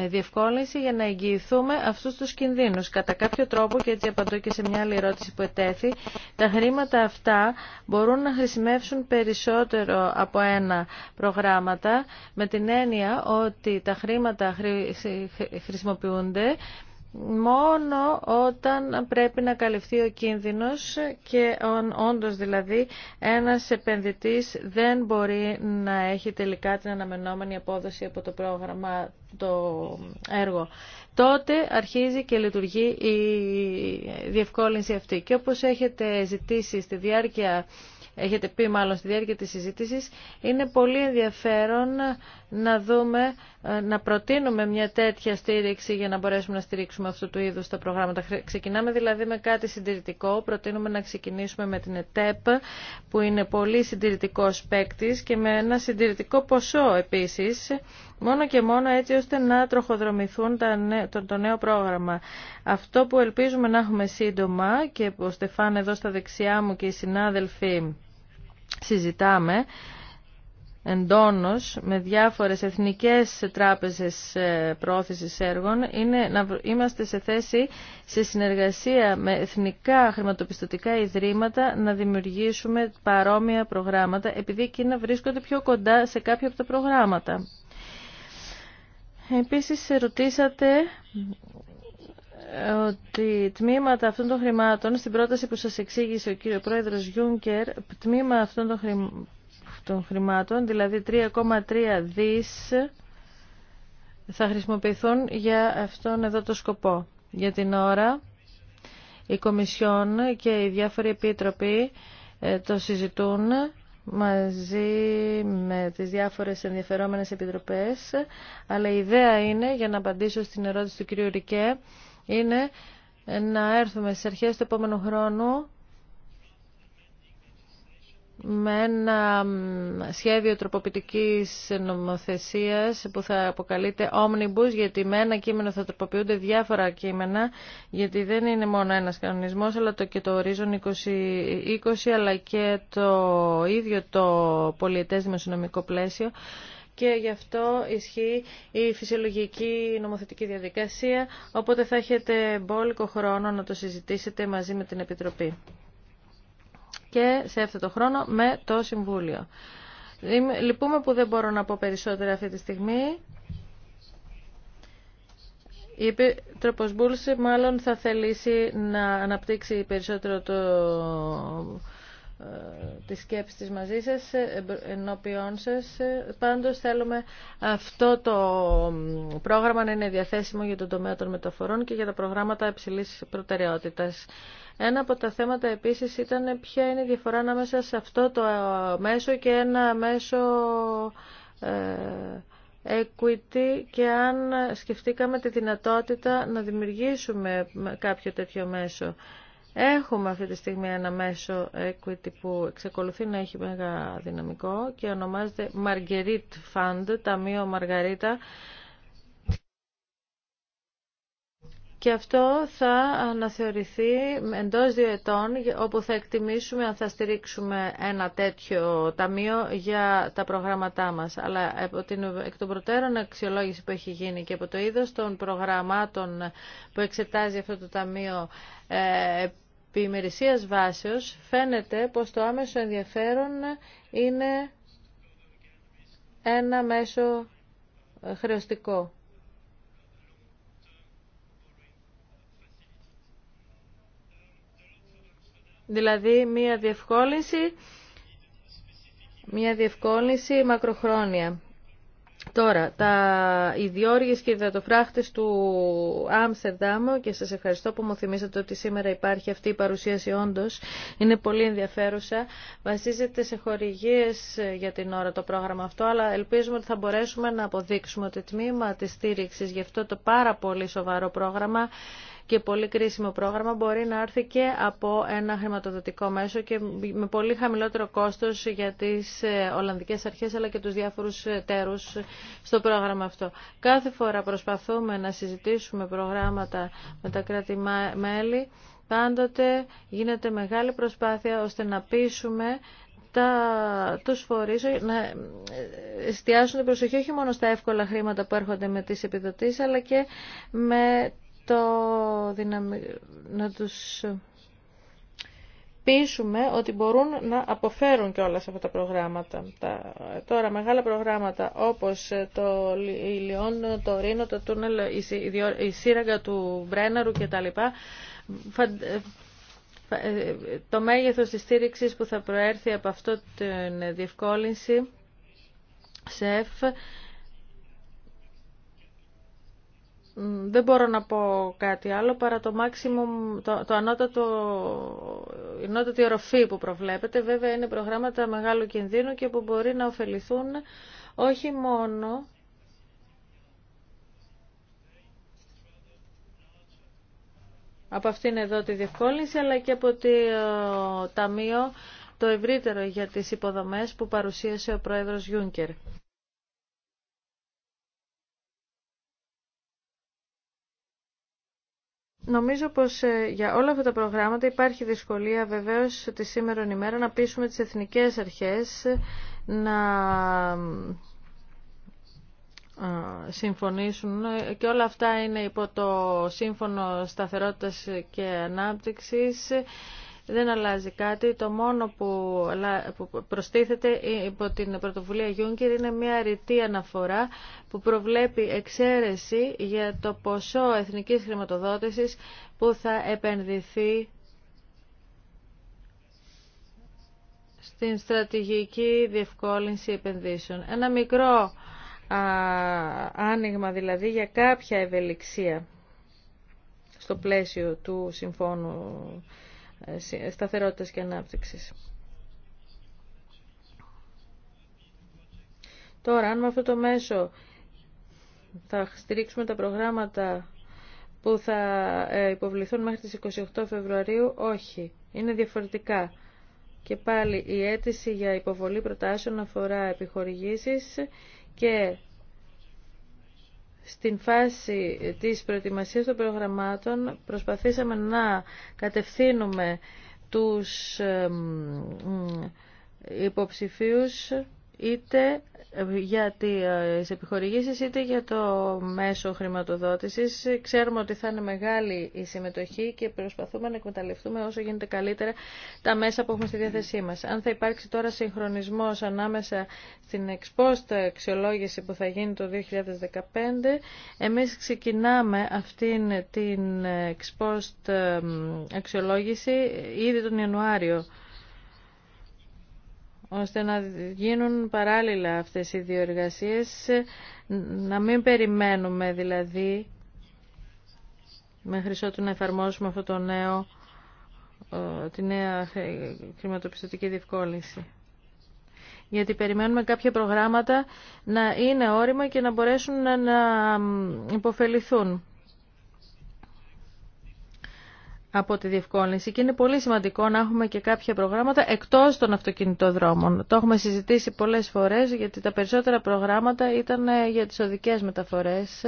διευκόλυνση για να εγγυηθούμε αυτούς τους κινδύνους. Κατά κάποιο τρόπο, και έτσι απαντώ και σε μια άλλη ερώτηση που ετέθη, τα χρήματα αυτά μπορούν να χρησιμεύσουν περισσότερο από ένα προγράμματα με την έννοια ότι τα χρήματα χρησιμοποιούνται μόνο όταν πρέπει να καλυφθεί ο κίνδυνος και όντως δηλαδή ένας επενδυτής δεν μπορεί να έχει τελικά την αναμενόμενη απόδοση από το πρόγραμμα το έργο. Τότε αρχίζει και λειτουργεί η διευκόλυνση αυτή. Και όπως έχετε ζητήσει στη διάρκεια έχετε πει μάλλον στη διάρκεια της συζήτησης, είναι πολύ ενδιαφέρον να δούμε, ε, να προτείνουμε μια τέτοια στήριξη για να μπορέσουμε να στηρίξουμε αυτού του είδους τα προγράμματα. Ξεκινάμε δηλαδή με κάτι συντηρητικό, προτείνουμε να ξεκινήσουμε με την ΕΤΕΠ που είναι πολύ συντηρητικό παίκτη και με ένα συντηρητικό ποσό επίσης, μόνο και μόνο έτσι ώστε να τροχοδρομηθούν το νέο πρόγραμμα. Αυτό που ελπίζουμε να έχουμε σύντομα και ο Στεφάν εδώ στα δεξιά μου και οι συνάδελφοι συζητάμε εντόνως με διάφορες εθνικές τράπεζες ε, πρόθεσης έργων είναι να είμαστε σε θέση σε συνεργασία με εθνικά χρηματοπιστωτικά ιδρύματα να δημιουργήσουμε παρόμοια προγράμματα επειδή να βρίσκονται πιο κοντά σε κάποια από τα προγράμματα. Επίσης ρωτήσατε ότι τμήματα αυτών των χρημάτων, στην πρόταση που σας εξήγησε ο κύριο Πρόεδρος Γιούνκερ, τμήμα αυτών των, χρημάτων, δηλαδή 3,3 δις, θα χρησιμοποιηθούν για αυτόν εδώ το σκοπό. Για την ώρα, η Κομισιόν και οι διάφοροι επίτροποι ε, το συζητούν μαζί με τις διάφορες ενδιαφερόμενες επιτροπές, αλλά η ιδέα είναι, για να απαντήσω στην ερώτηση του κ. Ρικέ, είναι να έρθουμε στι αρχές του επόμενου χρόνου με ένα σχέδιο τροποποιητικής νομοθεσίας που θα αποκαλείται Omnibus, γιατί με ένα κείμενο θα τροποποιούνται διάφορα κείμενα, γιατί δεν είναι μόνο ένας κανονισμός, αλλά το και το Horizon 2020, αλλά και το ίδιο το πολιετές δημοσιονομικό πλαίσιο και γι' αυτό ισχύει η φυσιολογική νομοθετική διαδικασία, οπότε θα έχετε μπόλικο χρόνο να το συζητήσετε μαζί με την Επιτροπή και σε αυτό το χρόνο με το Συμβούλιο. Λυπούμε που δεν μπορώ να πω περισσότερα αυτή τη στιγμή. Η Επίτροπος Μπούλση μάλλον θα θελήσει να αναπτύξει περισσότερο το ε, τις σκέψεις της μαζί σας, ε, ενώπιόν σας. Ε, πάντως θέλουμε αυτό το πρόγραμμα να είναι διαθέσιμο για τον τομέα των μεταφορών και για τα προγράμματα υψηλής προτεραιότητας. Ένα από τα θέματα επίσης ήταν ποια είναι η διαφορά ανάμεσα σε αυτό το μέσο και ένα μέσο equity και αν σκεφτήκαμε τη δυνατότητα να δημιουργήσουμε κάποιο τέτοιο μέσο. Έχουμε αυτή τη στιγμή ένα μέσο equity που εξεκολουθεί να έχει μεγάλο δυναμικό και ονομάζεται Marguerite Fund, Ταμείο Μαργαρίτα. Και αυτό θα αναθεωρηθεί εντός δύο ετών, όπου θα εκτιμήσουμε αν θα στηρίξουμε ένα τέτοιο ταμείο για τα προγράμματά μας. Αλλά από την, εκ των προτέρων αξιολόγηση που έχει γίνει και από το είδος των προγραμμάτων που εξετάζει αυτό το ταμείο ε, ημερησίας βάσεως φαίνεται πως το άμεσο ενδιαφέρον είναι ένα μέσο ε, χρεωστικό. Δηλαδή μία διευκόλυνση, μία διευκόλυνση μακροχρόνια. Τώρα, τα διόργες και οι υδατοφράχτες του Άμστερνταμ και σας ευχαριστώ που μου θυμήσατε ότι σήμερα υπάρχει αυτή η παρουσίαση όντως. Είναι πολύ ενδιαφέρουσα. Βασίζεται σε χορηγίες για την ώρα το πρόγραμμα αυτό, αλλά ελπίζουμε ότι θα μπορέσουμε να αποδείξουμε ότι τμήμα της στήριξης για αυτό το πάρα πολύ σοβαρό πρόγραμμα και πολύ κρίσιμο πρόγραμμα μπορεί να έρθει και από ένα χρηματοδοτικό μέσο και με πολύ χαμηλότερο κόστος για τις ε, Ολλανδικές Αρχές αλλά και τους διάφορους ε, τέρους στο πρόγραμμα αυτό. Κάθε φορά προσπαθούμε να συζητήσουμε προγράμματα με τα κράτη-μέλη πάντοτε γίνεται μεγάλη προσπάθεια ώστε να πείσουμε τα, τους φορείς να ε, εστιάσουν την προσοχή όχι μόνο στα εύκολα χρήματα που έρχονται με τις επιδοτήσεις αλλά και με το να τους πείσουμε ότι μπορούν να αποφέρουν και όλα αυτά τα προγράμματα. Τα, τώρα μεγάλα προγράμματα όπως το Λιόν, το Ρήνο, το Τούνελ, η σύραγγα του Μπρέναρου κτλ. Ε, το μέγεθος της στήριξης που θα προέρθει από αυτό την διευκόλυνση σε ΕΦ. δεν μπορώ να πω κάτι άλλο παρά το maximum, το, το ανώτατο, η ανώτατη οροφή που προβλέπετε. Βέβαια είναι προγράμματα μεγάλου κινδύνου και που μπορεί να ωφεληθούν όχι μόνο από αυτήν εδώ τη διευκόλυνση, αλλά και από το ε, Ταμείο το ευρύτερο για τις υποδομές που παρουσίασε ο Πρόεδρος Γιούνκερ. Νομίζω πως ε, για όλα αυτά τα προγράμματα υπάρχει δυσκολία βεβαίως τη σήμερα ημέρα να πείσουμε τις εθνικές αρχές να ε, συμφωνήσουν ε, και όλα αυτά είναι υπό το Σύμφωνο Σταθερότητας και Ανάπτυξης δεν αλλάζει κάτι. Το μόνο που προστίθεται υπό την πρωτοβουλία Γιούγκερ είναι μια ρητή αναφορά που προβλέπει εξαίρεση για το ποσό εθνικής χρηματοδότησης που θα επενδυθεί στην στρατηγική διευκόλυνση επενδύσεων. Ένα μικρό άνοιγμα δηλαδή για κάποια ευελιξία στο πλαίσιο του συμφώνου ε, σταθερότητας και ανάπτυξης. Τώρα, αν με αυτό το μέσο θα στηρίξουμε τα προγράμματα που θα ε, υποβληθούν μέχρι τις 28 Φεβρουαρίου, όχι. Είναι διαφορετικά. Και πάλι η αίτηση για υποβολή προτάσεων αφορά επιχορηγήσεις και στην φάση της προετοιμασίας των προγραμμάτων προσπαθήσαμε να κατευθύνουμε τους υποψηφίους είτε για τις επιχορηγήσεις είτε για το μέσο χρηματοδότησης. Ξέρουμε ότι θα είναι μεγάλη η συμμετοχή και προσπαθούμε να εκμεταλλευτούμε όσο γίνεται καλύτερα τα μέσα που έχουμε στη διάθεσή μας. Αν θα υπάρξει τώρα συγχρονισμός ανάμεσα στην εξπόστα αξιολόγηση που θα γίνει το 2015, εμείς ξεκινάμε αυτήν την εξπόστα αξιολόγηση ήδη τον Ιανουάριο ώστε να γίνουν παράλληλα αυτές οι δύο εργασίες, να μην περιμένουμε δηλαδή μέχρι ότου να εφαρμόσουμε αυτό το νέο, ε, τη νέα χρηματοπιστωτική διευκόλυνση. Γιατί περιμένουμε κάποια προγράμματα να είναι όριμα και να μπορέσουν να υποφεληθούν από τη διευκόλυνση και είναι πολύ σημαντικό να έχουμε και κάποια προγράμματα εκτός των αυτοκινητοδρόμων. Το έχουμε συζητήσει πολλές φορές γιατί τα περισσότερα προγράμματα ήταν ε, για τις οδικές μεταφορές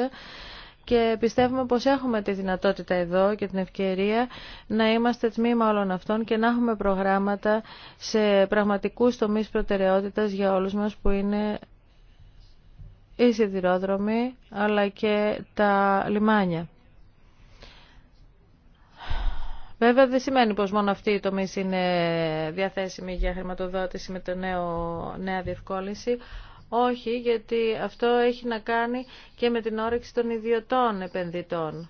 και πιστεύουμε πως έχουμε τη δυνατότητα εδώ και την ευκαιρία να είμαστε τμήμα όλων αυτών και να έχουμε προγράμματα σε πραγματικούς τομείς προτεραιότητας για όλους μας που είναι οι σιδηρόδρομοι αλλά και τα λιμάνια. Βέβαια δεν σημαίνει πως μόνο αυτή η τομή είναι διαθέσιμη για χρηματοδότηση με τη νέα διευκόλυνση. Όχι, γιατί αυτό έχει να κάνει και με την όρεξη των ιδιωτών επενδυτών.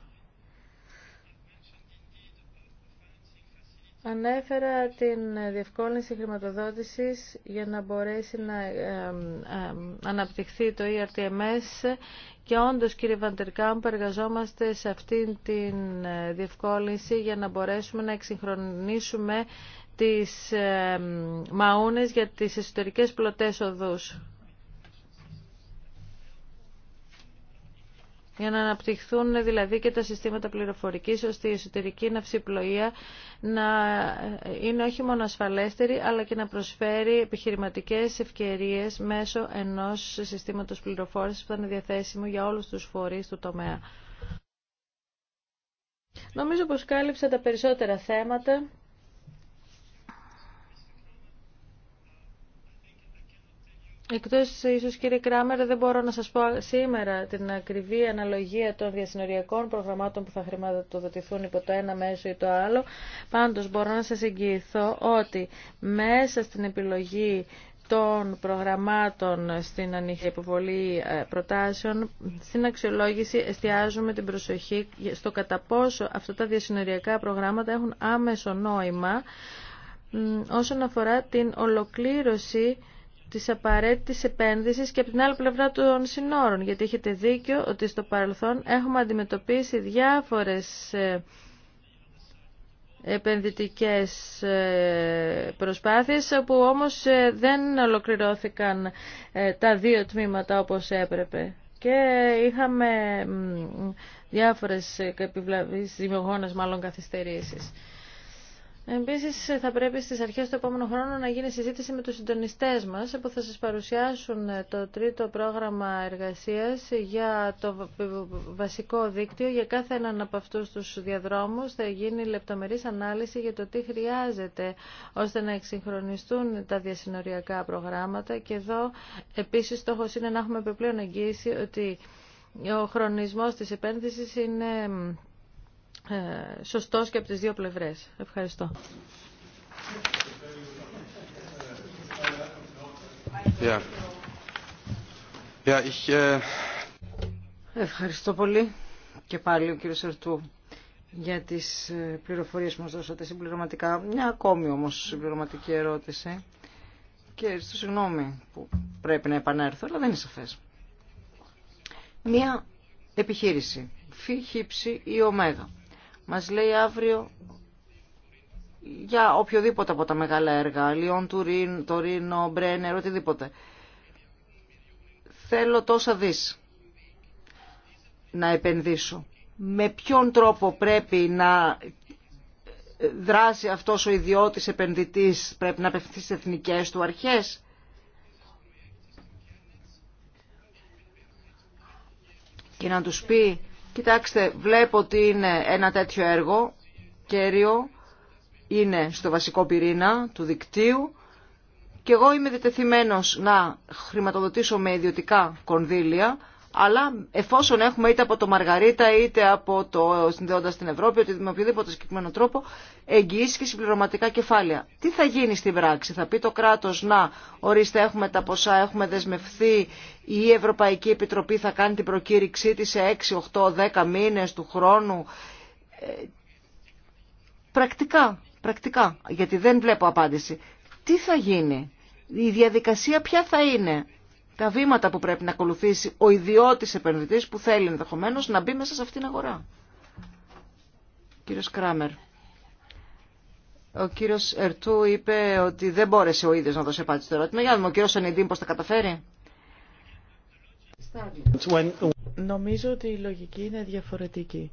Ανέφερα την διευκόλυνση χρηματοδότησης για να μπορέσει να ε, ε, ε, αναπτυχθεί το ERTMS και όντως κύριε Βαντερκάμπ εργαζόμαστε σε αυτήν την διευκόλυνση για να μπορέσουμε να εξυγχρονίσουμε τις μαούνες για τις εσωτερικές πλωτές οδούς. για να αναπτυχθούν δηλαδή και τα συστήματα πληροφορικής ώστε η εσωτερική ναυσιπλοεία να είναι όχι μόνο ασφαλέστερη αλλά και να προσφέρει επιχειρηματικές ευκαιρίες μέσω ενός συστήματος πληροφόρησης που θα είναι διαθέσιμο για όλους τους φορείς του τομέα. Νομίζω πως κάλυψα τα περισσότερα θέματα. Εκτός ίσως κύριε Κράμερ δεν μπορώ να σας πω σήμερα την ακριβή αναλογία των διασυνοριακών προγραμμάτων που θα χρηματοδοτηθούν υπό το ένα μέσο ή το άλλο. Πάντως μπορώ να σας εγγυηθώ ότι μέσα στην επιλογή των προγραμμάτων στην ανοιχτή υποβολή ε, προτάσεων, στην αξιολόγηση εστιάζουμε την προσοχή στο κατά πόσο αυτά τα διασυνοριακά προγράμματα έχουν άμεσο νόημα όσον αφορά την ολοκλήρωση Τη απαραίτητη επένδυση και από την άλλη πλευρά των συνόρων, γιατί έχετε δίκιο ότι στο παρελθόν έχουμε αντιμετωπίσει διάφορες ε, επενδυτικές ε, προσπάθειες που όμως ε, δεν ολοκληρώθηκαν τα δύο τμήματα όπως έπρεπε και είχαμε διάφορες επιβλαβείς δημιουργώνες μάλλον καθυστερήσεις. Επίση, θα πρέπει στις αρχές του επόμενου χρόνου να γίνει συζήτηση με τους συντονιστέ μας που θα σας παρουσιάσουν ε, το τρίτο πρόγραμμα εργασία για το βασικό δίκτυο. Για κάθε έναν από αυτούς τους διαδρόμους θα γίνει λεπτομερής ανάλυση για το τι χρειάζεται ώστε να εξυγχρονιστούν τα διασυνοριακά προγράμματα και εδώ επίση, στόχος είναι να έχουμε επιπλέον εγγύηση ότι ο χρονισμός της επένδυσης είναι ε, σωστός και από τις δύο πλευρές. Ευχαριστώ. ich... Ε, Ευχαριστώ πολύ και πάλι ο κύριος Ερτού για τις ε, πληροφορίες που μας δώσατε συμπληρωματικά. Μια ακόμη όμως συμπληρωματική ερώτηση και στο συγγνώμη που πρέπει να επανέλθω, αλλά δεν είναι σαφές. Μια επιχείρηση, φύ ή ωμέγα μας λέει αύριο για οποιοδήποτε από τα μεγάλα έργα, Λιόν, Τουρίν, Τωρίνο, Μπρένερ, οτιδήποτε. Θέλω τόσα δις να επενδύσω. Με ποιον τρόπο πρέπει να δράσει αυτός ο ιδιώτης επενδυτής, πρέπει να απευθυνθεί στις εθνικές του αρχές. Και να τους πει Κοιτάξτε, βλέπω ότι είναι ένα τέτοιο έργο κέριο, είναι στο βασικό πυρήνα του δικτύου και εγώ είμαι διτεθειμένος να χρηματοδοτήσω με ιδιωτικά κονδύλια αλλά εφόσον έχουμε είτε από το Μαργαρίτα είτε από το Συνδέοντα την Ευρώπη, ότι με οποιοδήποτε συγκεκριμένο τρόπο εγγυήσει και συμπληρωματικά κεφάλαια. Τι θα γίνει στην πράξη, θα πει το κράτο να ορίστε έχουμε τα ποσά, έχουμε δεσμευθεί, η Ευρωπαϊκή Επιτροπή θα κάνει την προκήρυξή τη σε 6, 8, 10 μήνε του χρόνου. Ε, πρακτικά, πρακτικά, γιατί δεν βλέπω απάντηση. Τι θα γίνει, η διαδικασία ποια θα είναι τα βήματα που πρέπει να ακολουθήσει ο ιδιώτης επενδυτής που θέλει ενδεχομένω να μπει μέσα σε αυτήν την αγορά. Κύριος Κράμερ. Ο κύριος Ερτού είπε ότι δεν μπόρεσε ο ίδιος να δώσει απάντηση στο ερώτημα. Για να δούμε, ο κύριος Ενιντίν πώς τα καταφέρει. Νομίζω ότι η λογική είναι διαφορετική.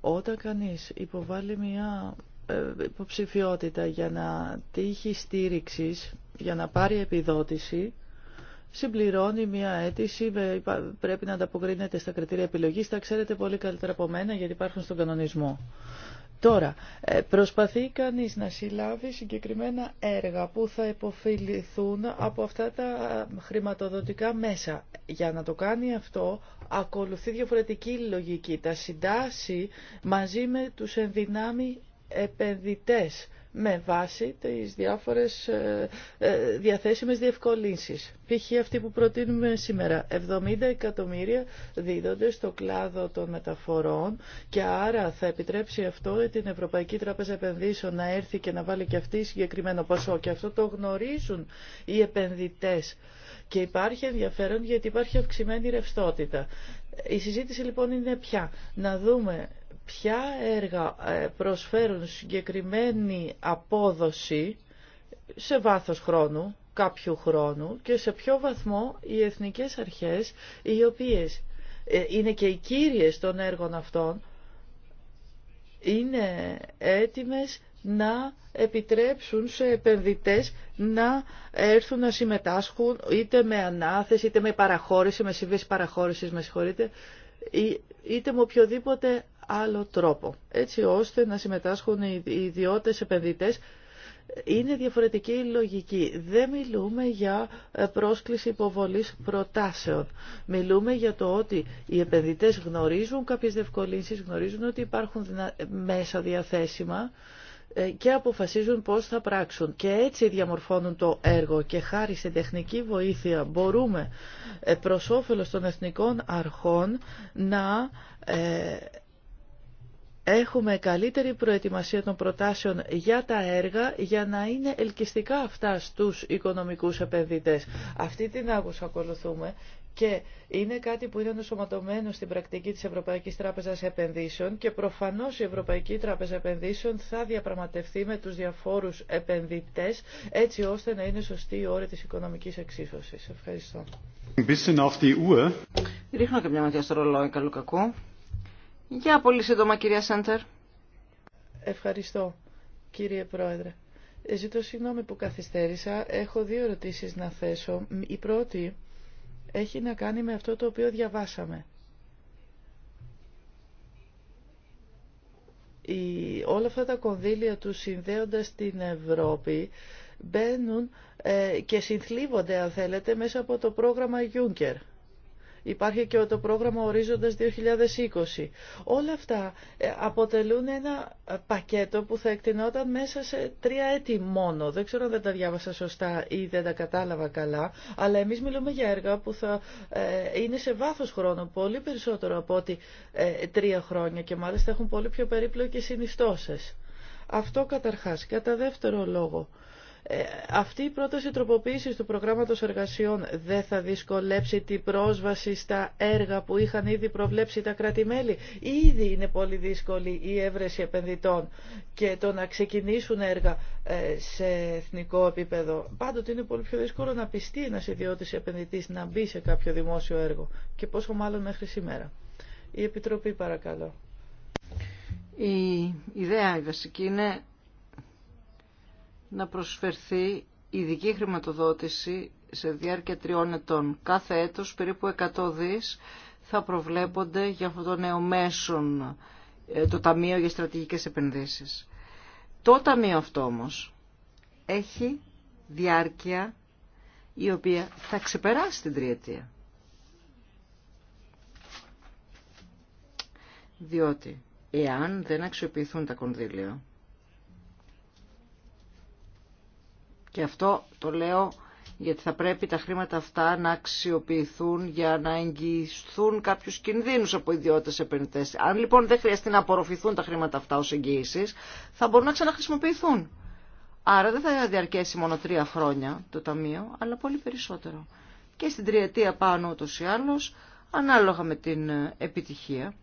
Όταν κανείς υποβάλλει μια ε, υποψηφιότητα για να τύχει στήριξης, για να πάρει επιδότηση, συμπληρώνει μια αίτηση, πρέπει να ανταποκρίνεται στα κριτήρια επιλογής, τα ξέρετε πολύ καλύτερα από μένα γιατί υπάρχουν στον κανονισμό. Τώρα, ε, προσπαθεί κανείς να συλλάβει συγκεκριμένα έργα που θα υποφεληθούν από αυτά τα χρηματοδοτικά μέσα. Για να το κάνει αυτό, ακολουθεί διαφορετική λογική. Τα συντάσσει μαζί με τους ενδυνάμει επενδυτές με βάση τις διάφορες ε, ε, διαθέσιμες διευκολύνσεις. Π.χ. αυτή που προτείνουμε σήμερα, 70 εκατομμύρια δίδονται στο κλάδο των μεταφορών και άρα θα επιτρέψει αυτό την Ευρωπαϊκή Τράπεζα Επενδύσεων να έρθει και να βάλει και αυτή συγκεκριμένο ποσό και αυτό το γνωρίζουν οι επενδυτές και υπάρχει ενδιαφέρον γιατί υπάρχει αυξημένη ρευστότητα. Η συζήτηση λοιπόν είναι πια να δούμε ποια έργα ε, προσφέρουν συγκεκριμένη απόδοση σε βάθος χρόνου, κάποιου χρόνου και σε ποιο βαθμό οι εθνικές αρχές οι οποίες ε, είναι και οι κύριες των έργων αυτών είναι έτοιμες να επιτρέψουν σε επενδυτές να έρθουν να συμμετάσχουν είτε με ανάθεση, είτε με παραχώρηση, με συμβίες παραχώρησης, με συγχωρείτε, είτε με οποιοδήποτε άλλο τρόπο, έτσι ώστε να συμμετάσχουν οι ιδιώτες επενδυτές είναι διαφορετική η λογική. Δεν μιλούμε για ε, πρόσκληση υποβολής προτάσεων. Μιλούμε για το ότι οι επενδυτές γνωρίζουν κάποιες διευκολύνσεις, γνωρίζουν ότι υπάρχουν μέσα διαθέσιμα ε, και αποφασίζουν πώς θα πράξουν. Και έτσι διαμορφώνουν το έργο και χάρη σε τεχνική βοήθεια μπορούμε ε, προς όφελος των εθνικών αρχών να έχουμε καλύτερη προετοιμασία των προτάσεων για τα έργα για να είναι ελκυστικά αυτά στους οικονομικούς επενδυτές. Αυτή την άγουσα ακολουθούμε και είναι κάτι που είναι ενσωματωμένο στην πρακτική της Ευρωπαϊκής Τράπεζας Επενδύσεων και προφανώς η Ευρωπαϊκή Τράπεζα Επενδύσεων θα διαπραγματευτεί με τους διαφόρους επενδυτές έτσι ώστε να είναι σωστή η ώρα της οικονομικής εξίσωσης. Ευχαριστώ. Για πολύ σύντομα κυρία Σέντερ. Ευχαριστώ κύριε Πρόεδρε. Ε, ζητώ συγγνώμη που καθυστέρησα. Έχω δύο ερωτήσεις να θέσω. Η πρώτη έχει να κάνει με αυτό το οποίο διαβάσαμε. Η, όλα αυτά τα κονδύλια του συνδέοντας την Ευρώπη μπαίνουν ε, και συνθλίβονται αν θέλετε μέσα από το πρόγραμμα Juncker. Υπάρχει και το πρόγραμμα Ορίζοντας 2020. Όλα αυτά ε, αποτελούν ένα ε, πακέτο που θα εκτινόταν μέσα σε τρία έτη μόνο. Δεν ξέρω αν δεν τα διάβασα σωστά ή δεν τα κατάλαβα καλά, αλλά εμείς μιλούμε για έργα που θα ε, είναι σε βάθος χρόνου, πολύ περισσότερο από ότι τρία χρόνια και μάλιστα έχουν πολύ πιο περίπλοκες συνιστώσεις. Αυτό καταρχάς. Κατά δεύτερο λόγο, ε, αυτή η πρόταση τροποποίηση του προγράμματο εργασιών δεν θα δυσκολέψει την πρόσβαση στα έργα που είχαν ήδη προβλέψει τα κράτη-μέλη. Ήδη είναι πολύ δύσκολη η έβρεση επενδυτών και το να ξεκινήσουν έργα ε, σε εθνικό επίπεδο. Πάντοτε είναι πολύ πιο δύσκολο να πιστεί ένα ιδιώτη επενδύτη, να μπει σε κάποιο δημόσιο έργο και πόσο μάλλον μέχρι σήμερα. Η Επιτροπή παρακαλώ. Η ιδέα η βασική είναι να προσφερθεί ειδική χρηματοδότηση σε διάρκεια τριών ετών. Κάθε έτος περίπου 100 δις θα προβλέπονται για αυτό το νέο μέσον ε, το Ταμείο για Στρατηγικές Επενδύσεις. Το Ταμείο αυτό όμως έχει διάρκεια η οποία θα ξεπεράσει την τριετία. Διότι εάν δεν αξιοποιηθούν τα κονδύλια Και αυτό το λέω γιατί θα πρέπει τα χρήματα αυτά να αξιοποιηθούν για να εγγυηθούν κάποιους κινδύνους από ιδιώτες επενδυτές. Αν λοιπόν δεν χρειαστεί να απορροφηθούν τα χρήματα αυτά ως εγγύησης, θα μπορούν να ξαναχρησιμοποιηθούν. Άρα δεν θα διαρκέσει μόνο τρία χρόνια το Ταμείο, αλλά πολύ περισσότερο. Και στην τριετία πάνω ούτως ή άλλως, ανάλογα με την επιτυχία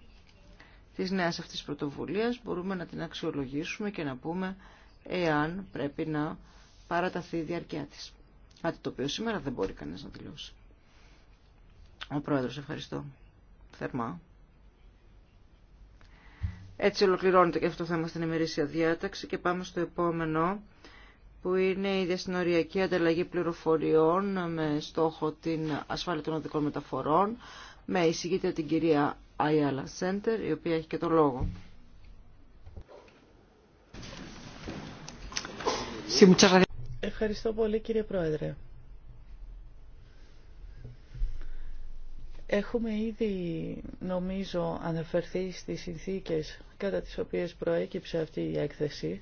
της νέας αυτής πρωτοβουλίας, μπορούμε να την αξιολογήσουμε και να πούμε εάν πρέπει να παραταθεί η διάρκεια της. Κάτι το οποίο σήμερα δεν μπορεί κανείς να δηλώσει. Ο Πρόεδρος, ευχαριστώ. Θερμά. Έτσι ολοκληρώνεται και αυτό το θέμα στην ημερήσια διάταξη και πάμε στο επόμενο που είναι η διασυνοριακή ανταλλαγή πληροφοριών με στόχο την ασφάλεια των οδικών μεταφορών με εισηγήτρια την κυρία Αιάλα Σέντερ η οποία έχει και το λόγο. Ευχαριστώ πολύ κύριε Πρόεδρε. Έχουμε ήδη, νομίζω, αναφερθεί στις συνθήκες κατά τις οποίες προέκυψε αυτή η έκθεση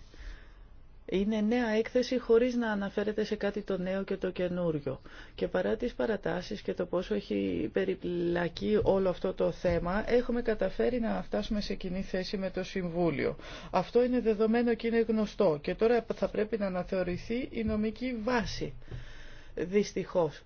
είναι νέα έκθεση χωρίς να αναφέρεται σε κάτι το νέο και το καινούριο. Και παρά τις παρατάσεις και το πόσο έχει περιπλακεί όλο αυτό το θέμα, έχουμε καταφέρει να φτάσουμε σε κοινή θέση με το Συμβούλιο. Αυτό είναι δεδομένο και είναι γνωστό. Και τώρα θα πρέπει να αναθεωρηθεί η νομική βάση. Δυστυχώς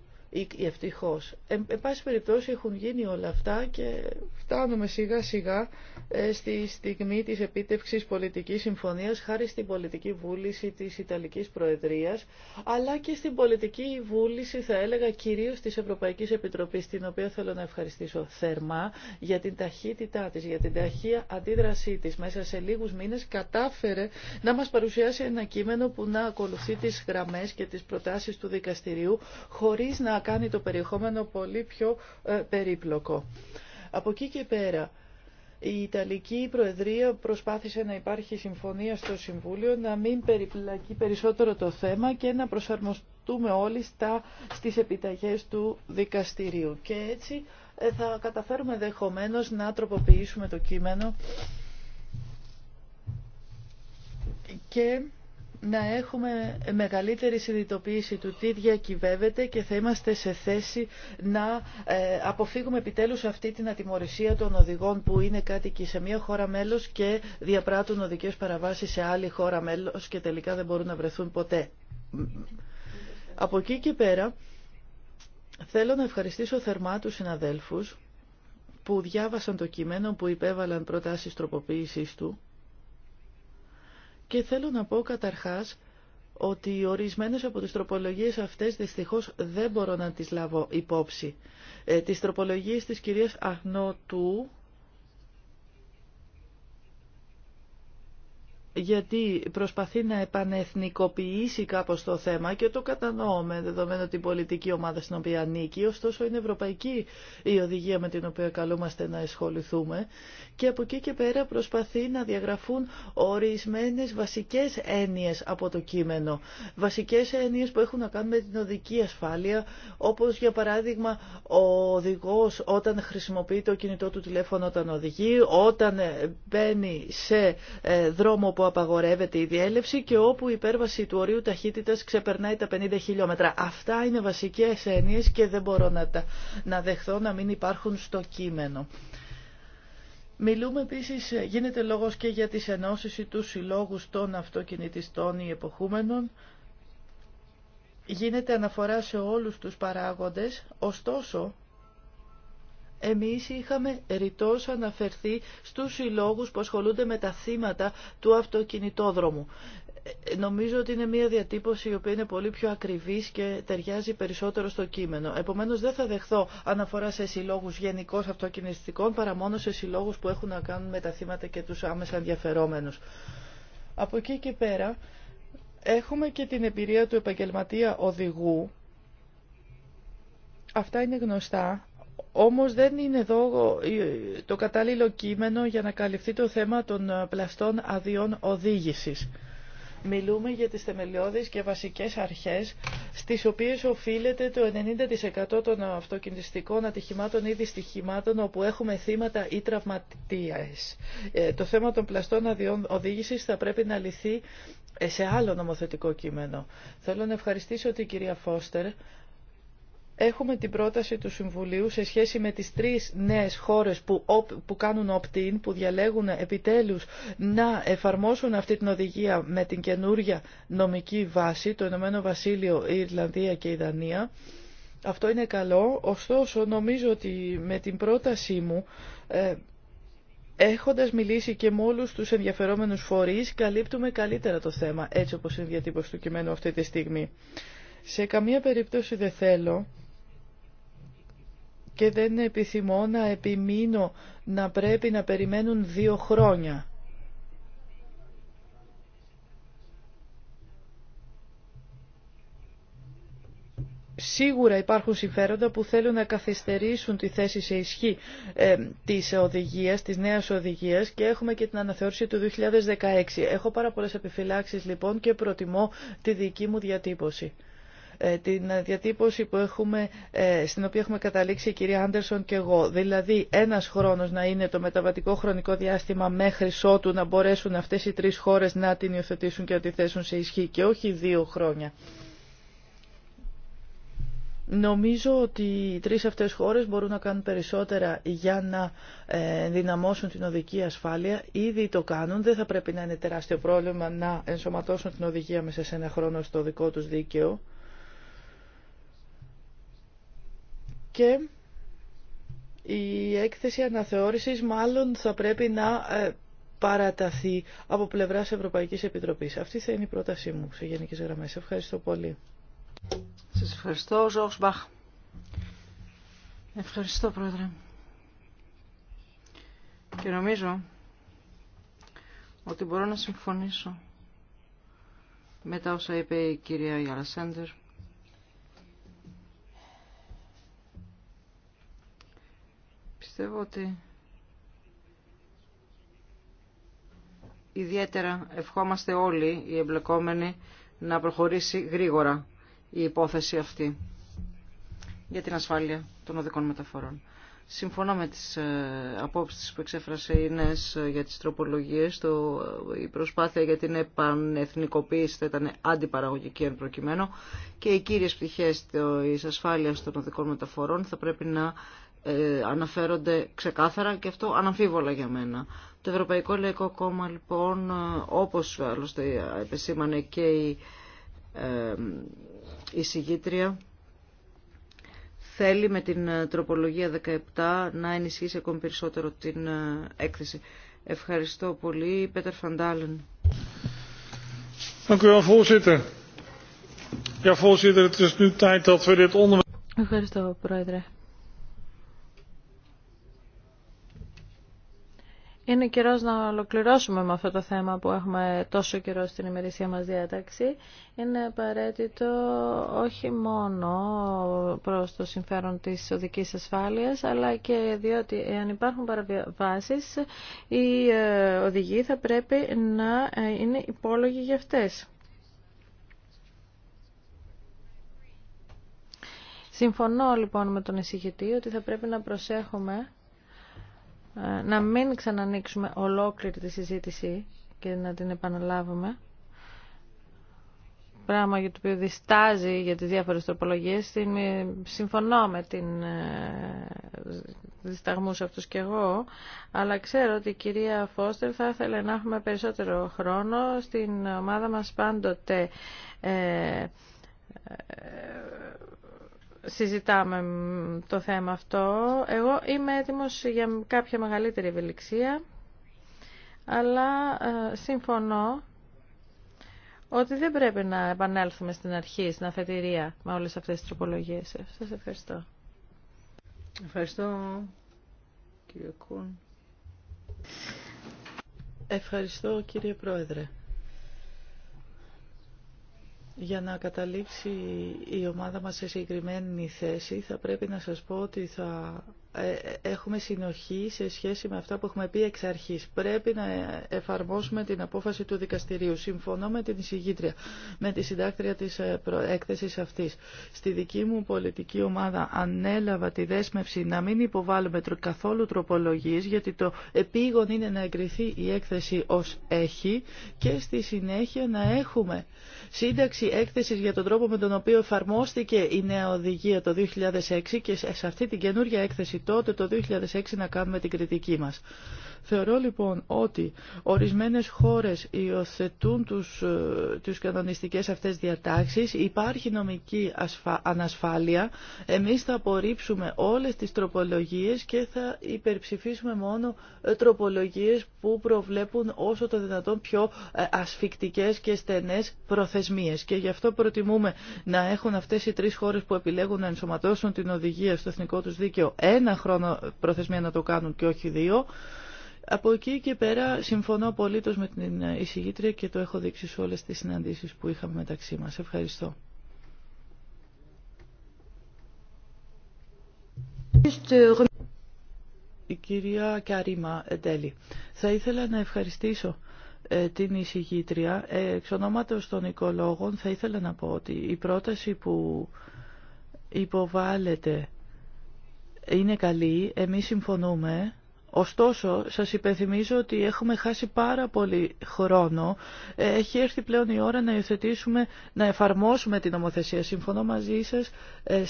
ευτυχώς. Ε, εν πάση περιπτώσει έχουν γίνει όλα αυτά και φτάνουμε σιγά σιγά ε, στη στιγμή της επίτευξης πολιτικής συμφωνίας χάρη στην πολιτική βούληση της Ιταλικής Προεδρίας αλλά και στην πολιτική βούληση θα έλεγα κυρίως της Ευρωπαϊκής Επιτροπής την οποία θέλω να ευχαριστήσω θερμά για την ταχύτητά της, για την ταχεία αντίδρασή της. Μέσα σε λίγους μήνες κατάφερε να μας παρουσιάσει ένα κείμενο που να ακολουθεί τις γραμμές και τις προτάσεις του δικαστηρίου χωρίς να κάνει το περιεχόμενο πολύ πιο ε, περίπλοκο. Από εκεί και πέρα, η Ιταλική Προεδρία προσπάθησε να υπάρχει συμφωνία στο Συμβούλιο, να μην περιπλακεί περισσότερο το θέμα και να προσαρμοστούμε όλοι στα, στις επιταγές του δικαστηρίου. Και έτσι ε, θα καταφέρουμε ενδεχομένω να τροποποιήσουμε το κείμενο να έχουμε μεγαλύτερη συνειδητοποίηση του τι διακυβεύεται και θα είμαστε σε θέση να ε, αποφύγουμε επιτέλους αυτή την ατιμορρησία των οδηγών που είναι κάτοικοι σε μία χώρα μέλος και διαπράττουν οδικές παραβάσεις σε άλλη χώρα μέλος και τελικά δεν μπορούν να βρεθούν ποτέ. Από εκεί και πέρα θέλω να ευχαριστήσω θερμά τους συναδέλφους που διάβασαν το κείμενο που υπέβαλαν προτάσεις τροποποίησης του και θέλω να πω καταρχάς ότι ορισμένες από τις τροπολογίες αυτές δυστυχώς δεν μπορώ να τις λάβω υπόψη. Ε, τις τροπολογίες της κυρίας Αχνότου γιατί προσπαθεί να επανεθνικοποιήσει κάπως το θέμα και το κατανοώ με δεδομένο την πολιτική ομάδα στην οποία ανήκει, ωστόσο είναι ευρωπαϊκή η οδηγία με την οποία καλούμαστε να ασχοληθούμε και από εκεί και πέρα προσπαθεί να διαγραφούν ορισμένες βασικές έννοιες από το κείμενο. Βασικές έννοιες που έχουν να κάνουν με την οδική ασφάλεια, όπως για παράδειγμα ο οδηγός όταν χρησιμοποιεί το κινητό του τηλέφωνο όταν οδηγεί, όταν μπαίνει σε ε, δρόμο όπου απαγορεύεται η διέλευση και όπου η υπέρβαση του ορίου ταχύτητας ξεπερνάει τα 50 χιλιόμετρα. Αυτά είναι βασικές έννοιες και δεν μπορώ να, τα, να δεχθώ να μην υπάρχουν στο κείμενο. Μιλούμε επίσης, γίνεται λόγος και για τις ενώσεις ή Συλλόγου συλλόγου των αυτοκινητιστών ή εποχούμενων. Γίνεται αναφορά σε όλους τους παράγοντες, ωστόσο εμείς είχαμε ρητός αναφερθεί στους συλλόγους που ασχολούνται με τα θύματα του αυτοκινητόδρομου. Ε, νομίζω ότι είναι μια διατύπωση η οποία είναι πολύ πιο ακριβής και ταιριάζει περισσότερο στο κείμενο. Επομένως δεν θα δεχθώ αναφορά σε συλλόγους γενικώς αυτοκινηστικών παρά μόνο σε συλλόγους που έχουν να κάνουν με τα θύματα και τους άμεσα ενδιαφερόμενους. Από εκεί και πέρα έχουμε και την εμπειρία του επαγγελματία οδηγού. Αυτά είναι γνωστά όμως δεν είναι εδώ το κατάλληλο κείμενο για να καλυφθεί το θέμα των πλαστών αδειών οδήγησης. Μιλούμε για τις θεμελιώδεις και βασικές αρχές, στις οποίες οφείλεται το 90% των αυτοκινηστικών ατυχημάτων ή δυστυχημάτων όπου έχουμε θύματα ή τραυματίες. Ε, το θέμα των πλαστών αδειών οδήγησης θα πρέπει να λυθεί ε, σε άλλο νομοθετικό κείμενο. Θέλω να ευχαριστήσω την κυρία Φώστερ έχουμε την πρόταση του Συμβουλίου σε σχέση με τις τρεις νέες χώρες που, κάνουν opt-in, που διαλέγουν επιτέλους να εφαρμόσουν αυτή την οδηγία με την καινούρια νομική βάση, το Ηνωμένο Βασίλειο, η Ιρλανδία και η Δανία. Αυτό είναι καλό, ωστόσο νομίζω ότι με την πρότασή μου ε, έχοντας μιλήσει και με όλου τους ενδιαφερόμενους φορείς, καλύπτουμε καλύτερα το θέμα, έτσι όπως είναι διατύπωση του κειμένου αυτή τη στιγμή. Σε καμία περίπτωση δεν θέλω και δεν επιθυμώ να επιμείνω να πρέπει να περιμένουν δύο χρόνια. Σίγουρα υπάρχουν συμφέροντα που θέλουν να καθυστερήσουν τη θέση σε ισχύ ε, της οδηγίας, της νέας οδηγίας και έχουμε και την αναθεώρηση του 2016. Έχω πάρα πολλές επιφυλάξεις λοιπόν και προτιμώ τη δική μου διατύπωση. Ε, την διατύπωση που ε, στην οποία έχουμε καταλήξει η κυρία Άντερσον και εγώ. Δηλαδή ένας χρόνος να είναι το μεταβατικό χρονικό διάστημα μέχρι ότου να μπορέσουν αυτές οι τρεις χώρες να την υιοθετήσουν και να τη θέσουν σε ισχύ και όχι δύο χρόνια. Νομίζω ότι οι τρεις αυτές χώρες μπορούν να κάνουν περισσότερα για να ε, δυναμώσουν την οδική ασφάλεια. Ήδη το κάνουν, δεν θα πρέπει να είναι τεράστιο πρόβλημα να ενσωματώσουν την οδηγία μέσα σε ένα χρόνο στο δικό τους δίκαιο. και η έκθεση αναθεώρησης μάλλον θα πρέπει να ε, παραταθεί από πλευράς Ευρωπαϊκής Επιτροπής. Αυτή θα είναι η πρότασή μου σε γενικές γραμμές. Ευχαριστώ πολύ. Σας ευχαριστώ, Ζόρς Μπαχ. Ευχαριστώ, Πρόεδρε. Και νομίζω ότι μπορώ να συμφωνήσω με τα όσα είπε η κυρία Γιάλα Σέντερ Πιστεύω ότι ιδιαίτερα ευχόμαστε όλοι οι εμπλεκόμενοι να προχωρήσει γρήγορα η υπόθεση αυτή για την ασφάλεια των οδικών μεταφορών. Συμφωνώ με τις ε, απόψεις που εξέφρασε η ΝΕΣ ε, για τις τροπολογίες. Το, ε, η προσπάθεια για την επανεθνικοποίηση θα ήταν αντιπαραγωγική εν προκειμένου και οι κύριες πτυχές της ασφάλειας των οδικών μεταφορών θα πρέπει να ε, αναφέρονται ξεκάθαρα και αυτό αναμφίβολα για μένα. Το Ευρωπαϊκό Λαϊκό Κόμμα λοιπόν, ε, όπως άλλωστε επεσήμανε και η, ε, η συγγήτρια, θέλει με την ε, τροπολογία 17 να ενισχύσει ακόμη περισσότερο την έκθεση. Ευχαριστώ πολύ. Πέτερ Φαντάλεν. Ευχαριστώ, Πρόεδρε. Είναι καιρός να ολοκληρώσουμε με αυτό το θέμα που έχουμε τόσο καιρό στην ημερησία μας διάταξη. Είναι απαραίτητο όχι μόνο προς το συμφέρον της οδικής ασφάλειας, αλλά και διότι αν υπάρχουν παραβάσεις, οι ε, οδηγοί θα πρέπει να ε, είναι υπόλογοι για αυτές. Συμφωνώ λοιπόν με τον εισηγητή ότι θα πρέπει να προσέχουμε να μην ξανανοίξουμε ολόκληρη τη συζήτηση και να την επαναλάβουμε πράγμα για το οποίο διστάζει για τις διάφορες τροπολογίες ε, συμφωνώ με την ε, δισταγμούς αυτούς και εγώ αλλά ξέρω ότι η κυρία Φώστερ θα ήθελε να έχουμε περισσότερο χρόνο στην ομάδα μας πάντοτε ε, συζητάμε το θέμα αυτό. Εγώ είμαι έτοιμος για κάποια μεγαλύτερη ευελιξία, αλλά ε, συμφωνώ ότι δεν πρέπει να επανέλθουμε στην αρχή, στην αφετηρία, με όλες αυτές τις τροπολογίες. Σας ευχαριστώ. Ευχαριστώ, κύριε Κούν. Ευχαριστώ, κύριε Πρόεδρε. Για να καταλήξει η ομάδα μας σε συγκεκριμένη θέση θα πρέπει να σας πω ότι θα ε, έχουμε συνοχή σε σχέση με αυτά που έχουμε πει εξ αρχής. Πρέπει να εφαρμόσουμε την απόφαση του δικαστηρίου. Συμφωνώ με την εισηγήτρια, με τη συντάκτρια της ε, έκθεσης αυτής. Στη δική μου πολιτική ομάδα ανέλαβα τη δέσμευση να μην υποβάλλουμε καθόλου τροπολογίες, γιατί το επίγον είναι να εγκριθεί η έκθεση ως έχει και στη συνέχεια να έχουμε σύνταξη έκθεσης για τον τρόπο με τον οποίο εφαρμόστηκε η νέα οδηγία το 2006 και σε αυτή την καινούργια έκθεση τότε το 2006 να κάνουμε την κριτική μας. Θεωρώ λοιπόν ότι ορισμένες χώρες υιοθετούν τους, ε, τους κανονιστικές αυτές διατάξεις, υπάρχει νομική ανασφάλεια, εμείς θα απορρίψουμε όλες τις τροπολογίες και θα υπερψηφίσουμε μόνο ε, τροπολογίες που προβλέπουν όσο το δυνατόν πιο ε, ασφικτικές και στενές προθεσμίες. Και γι' αυτό προτιμούμε να έχουν αυτές οι τρεις χώρες που επιλέγουν να ενσωματώσουν την οδηγία στο εθνικό τους δίκαιο ένα χρόνο προθεσμία να το κάνουν και όχι δύο. Από εκεί και πέρα συμφωνώ απολύτως με την εισηγήτρια και το έχω δείξει σε όλες τις συναντήσεις που είχαμε μεταξύ μας. Ευχαριστώ. Η κυρία Καρίμα Εντέλη. Θα ήθελα να ευχαριστήσω ε, την εισηγήτρια. Ε, εξ ονόματος των οικολόγων θα ήθελα να πω ότι η πρόταση που υποβάλλεται είναι καλή. Εμείς συμφωνούμε Ωστόσο, σας υπενθυμίζω ότι έχουμε χάσει πάρα πολύ χρόνο. Ε, έχει έρθει πλέον η ώρα να υιοθετήσουμε, να εφαρμόσουμε την νομοθεσία. Συμφωνώ μαζί σας ε,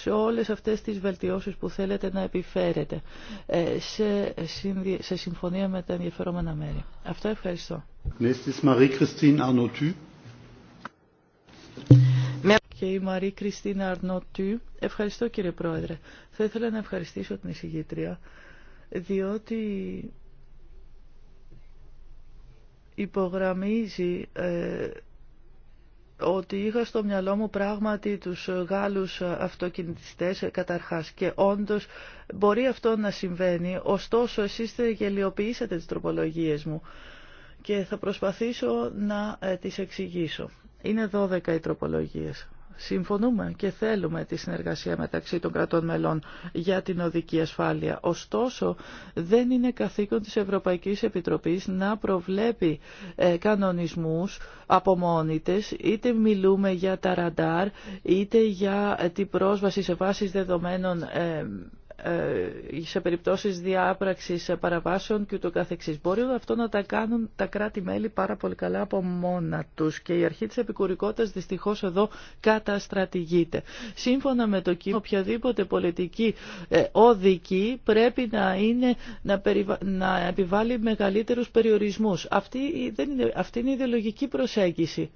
σε όλες αυτές τις βελτιώσεις που θέλετε να επιφέρετε ε, σε, σε συμφωνία με τα ενδιαφερόμενα μέρη. Αυτό ευχαριστώ. Και η Μαρή Κριστίνα Αρνότου. Ευχαριστώ κύριε Πρόεδρε. Θα ήθελα να ευχαριστήσω την εισηγήτρια διότι υπογραμμίζει ε, ότι είχα στο μυαλό μου πράγματι τους Γάλλους αυτοκινητιστές ε, καταρχάς και όντως μπορεί αυτό να συμβαίνει, ωστόσο εσείς γελιοποιήσατε τις τροπολογίες μου και θα προσπαθήσω να ε, τις εξηγήσω. Είναι 12 οι τροπολογίες. Συμφωνούμε και θέλουμε τη συνεργασία μεταξύ των κρατών μελών για την οδική ασφάλεια. Ωστόσο, δεν είναι καθήκον της Ευρωπαϊκής Επιτροπής να προβλέπει ε, κανονισμούς απομόνητες, είτε μιλούμε για τα ραντάρ, είτε για ε, την πρόσβαση σε βάσεις δεδομένων ε, ε, σε περιπτώσεις διάπραξης παραβάσεων και ούτω καθεξής. Μπορεί αυτό να τα κάνουν τα κράτη-μέλη πάρα πολύ καλά από μόνα τους και η αρχή της επικουρικότητας δυστυχώς εδώ καταστρατηγείται. Σύμφωνα με το κείμενο, οποιαδήποτε πολιτική ε, οδική πρέπει να, είναι, να, περιβα... επιβάλλει μεγαλύτερους περιορισμούς. Αυτή, είναι, η ιδεολογική προσέγγιση.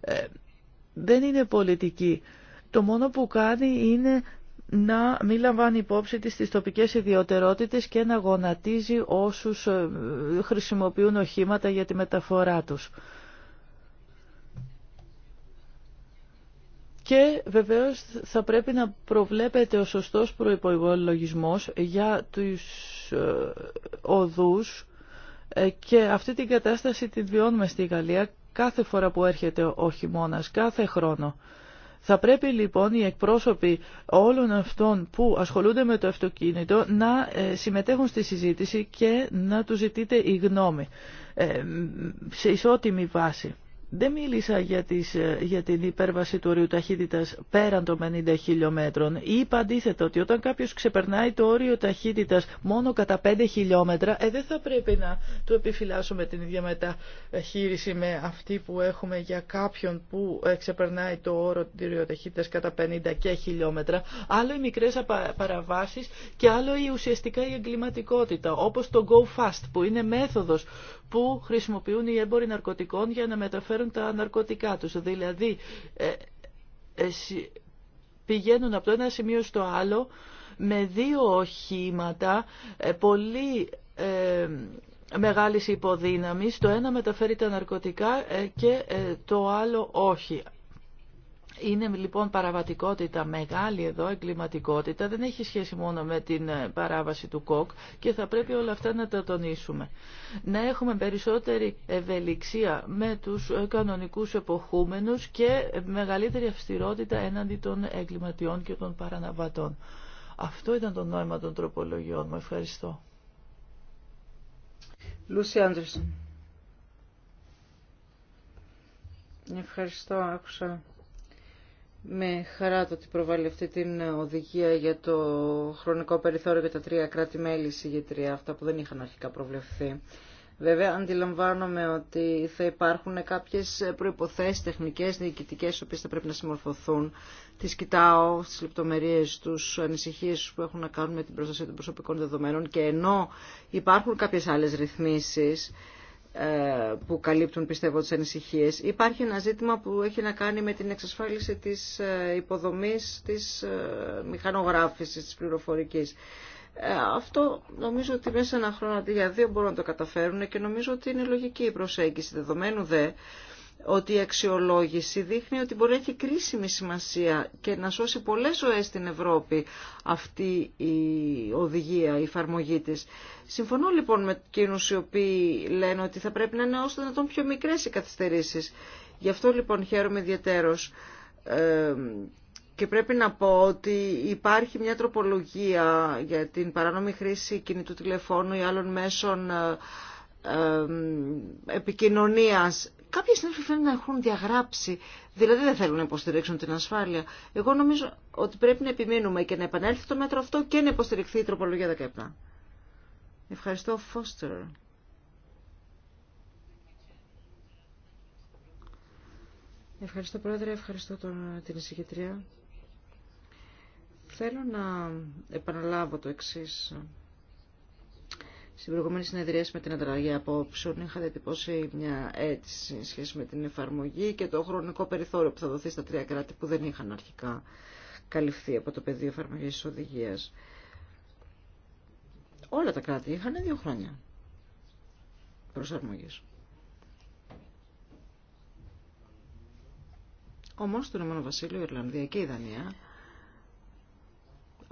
Ε, δεν είναι πολιτική. Το μόνο που κάνει είναι να μην λαμβάνει υπόψη της τις τοπικές ιδιωτερότητες και να γονατίζει όσους ε, χρησιμοποιούν οχήματα για τη μεταφορά τους. Και βεβαίως θα πρέπει να προβλέπεται ο σωστός προϋπολογισμός για τους ε, οδούς ε, και αυτή την κατάσταση τη βιώνουμε στη Γαλλία κάθε φορά που έρχεται ο χειμώνας, κάθε χρόνο. Θα πρέπει λοιπόν οι εκπρόσωποι όλων αυτών που ασχολούνται με το αυτοκίνητο να ε, συμμετέχουν στη συζήτηση και να του ζητείτε η γνώμη ε, σε ισότιμη βάση. Δεν μίλησα για, τις, ε, για την υπέρβαση του όριου ταχύτητας πέραν των 50 χιλιόμετρων. Είπα αντίθετα ότι όταν κάποιος ξεπερνάει το όριο ταχύτητας μόνο κατά 5 χιλιόμετρα, ε, δεν θα πρέπει να του επιφυλάσσουμε την ίδια μεταχείριση με αυτή που έχουμε για κάποιον που ε, ξεπερνάει το όριο ταχύτητας κατά 50 και χιλιόμετρα. Άλλο οι μικρές παραβάσεις και άλλο η ουσιαστικά η εγκληματικότητα, όπως το Go Fast που είναι μέθοδος που χρησιμοποιούν οι έμποροι ναρκωτικών για να μεταφέρουν τα ναρκωτικά τους. Δηλαδή, ε, ε, πηγαίνουν από το ένα σημείο στο άλλο με δύο οχήματα, ε, πολύ μεγάλης υποδύναμης. Το ένα μεταφέρει τα ναρκωτικά και το άλλο όχι. Είναι λοιπόν παραβατικότητα μεγάλη εδώ, εγκληματικότητα, δεν έχει σχέση μόνο με την ε, παράβαση του ΚΟΚ και θα πρέπει όλα αυτά να τα τονίσουμε. Να έχουμε περισσότερη ευελιξία με τους ε, κανονικούς εποχούμενους και μεγαλύτερη αυστηρότητα έναντι των εγκληματιών και των παραναβατών. Αυτό ήταν το νόημα των τροπολογιών μου. Ευχαριστώ. Λούση Ευχαριστώ, άκουσα με χαρά το ότι προβάλλει αυτή την οδηγία για το χρονικό περιθώριο για τα τρία κράτη-μέλη συγγετρία, αυτά που δεν είχαν αρχικά προβλεφθεί. Βέβαια, αντιλαμβάνομαι ότι θα υπάρχουν κάποιε προποθέσει τεχνικέ διοικητικέ, οι οποίε θα πρέπει να συμμορφωθούν. τι κοιτάω στι λεπτομερίε τους, ανησυχίε που έχουν να κάνουν με την προστασία των προσωπικών δεδομένων και ενώ υπάρχουν κάποιε άλλε ρυθμίσει. Ε, που καλύπτουν πιστεύω τις ανησυχίες. Υπάρχει ένα ζήτημα που έχει να κάνει με την εξασφάλιση της ε, υποδομής της ε, μηχανογράφησης, της πληροφορικής. Αυτό νομίζω ότι μέσα σε ένα χρόνο αντί για δύο μπορούν να το καταφέρουν και νομίζω ότι είναι λογική η προσέγγιση δεδομένου δε ότι η αξιολόγηση δείχνει ότι μπορεί να έχει κρίσιμη σημασία και να σώσει πολλές ζωές στην Ευρώπη αυτή η οδηγία, η εφαρμογή της. Συμφωνώ λοιπόν με εκείνους οι οποίοι λένε ότι θα πρέπει να είναι ώστε να τον πιο μικρές οι καθυστερήσεις. Γι' αυτό λοιπόν χαίρομαι ιδιαίτερως και πρέπει να πω ότι υπάρχει μια τροπολογία για την παράνομη χρήση κινητού τηλεφώνου ή άλλων μέσων ε, επικοινωνίας Κάποιοι συνάδελφοι φαίνεται να έχουν διαγράψει, δηλαδή δεν θέλουν να υποστηρίξουν την ασφάλεια. Εγώ νομίζω ότι πρέπει να επιμείνουμε και να επανέλθει το μέτρο αυτό και να υποστηριχθεί η τροπολογία 17. Ευχαριστώ, Φώστερ. Ευχαριστώ, Πρόεδρε. Ευχαριστώ τον, την εισηγητρία. Θέλω να επαναλάβω το εξής. Στην προηγούμενη συνεδρία με την ανταλλαγή απόψεων είχατε τυπώσει μια αίτηση σχέση με την εφαρμογή και το χρονικό περιθώριο που θα δοθεί στα τρία κράτη που δεν είχαν αρχικά καλυφθεί από το πεδίο εφαρμογή τη οδηγία. Όλα τα κράτη είχαν δύο χρόνια προσαρμογή. Όμω το Ηνωμένο Βασίλειο, η Ιρλανδία και η Δανία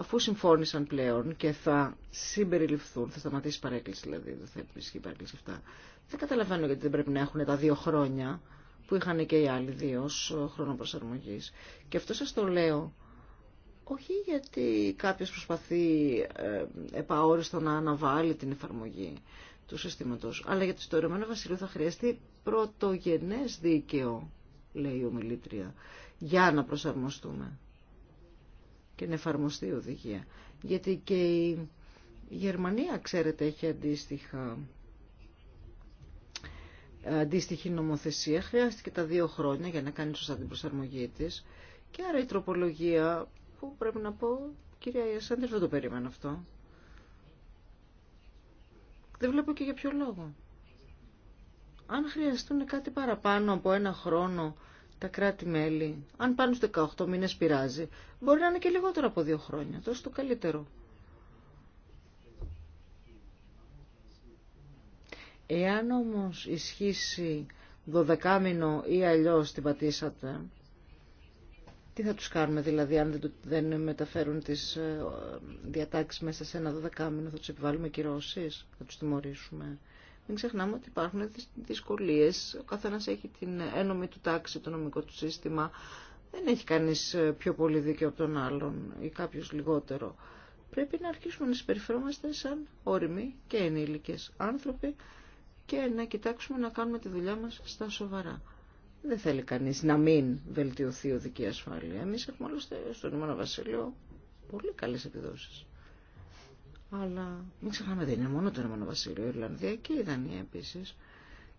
αφού συμφώνησαν πλέον και θα συμπεριληφθούν, θα σταματήσει η παρέκκληση δηλαδή, δεν θα υπήρχε η παρέκκληση αυτά, δεν καταλαβαίνω γιατί δεν πρέπει να έχουν τα δύο χρόνια που είχαν και οι άλλοι δύο ως χρόνο προσαρμογής. Και αυτό σας το λέω όχι γιατί κάποιος προσπαθεί ε, επαόριστο να αναβάλει την εφαρμογή του συστήματος, αλλά γιατί στο Ρωμένο Βασίλειο θα χρειαστεί πρωτογενές δίκαιο, λέει η ομιλήτρια, για να προσαρμοστούμε και να εφαρμοστεί η οδηγία. Γιατί και η Γερμανία, ξέρετε, έχει αντίστοιχα αντίστοιχη νομοθεσία. Χρειάστηκε τα δύο χρόνια για να κάνει σωστά την προσαρμογή της. Και άρα η τροπολογία που πρέπει να πω, κυρία Ιασάντερ, δεν το περίμενα αυτό. Δεν βλέπω και για ποιο λόγο. Αν χρειαστούν κάτι παραπάνω από ένα χρόνο τα κράτη-μέλη, αν πάνω στους 18 μήνες πειράζει, μπορεί να είναι και λιγότερο από δύο χρόνια. Τόσο το καλύτερο. Εάν όμως ισχύσει μήνο ή αλλιώς την πατήσατε, τι θα τους κάνουμε δηλαδή αν δεν μεταφέρουν τις ε, διατάξεις μέσα σε ένα 12 μήνο, θα τους επιβάλλουμε κυρώσεις, θα τους τιμωρήσουμε. Μην ξεχνάμε ότι υπάρχουν δυσκολίες. Ο καθένας έχει την ένωμη του τάξη, το νομικό του σύστημα. Δεν έχει κανείς ε, πιο πολύ δίκαιο από τον άλλον ή κάποιος λιγότερο. Πρέπει να αρχίσουμε να συμπεριφερόμαστε σαν όριμοι και ενήλικες άνθρωποι και να κοιτάξουμε να κάνουμε τη δουλειά μας στα σοβαρά. Δεν θέλει κανείς να μην βελτιωθεί η οδική ασφάλεια. Εμείς έχουμε άλλωστε στον Ηνωμένο Βασίλειο πολύ καλές επιδόσεις. Αλλά μην ξεχνάμε δεν είναι μόνο το Ηνωμένο Βασίλειο, η Ιρλανδία και η Δανία επίσης.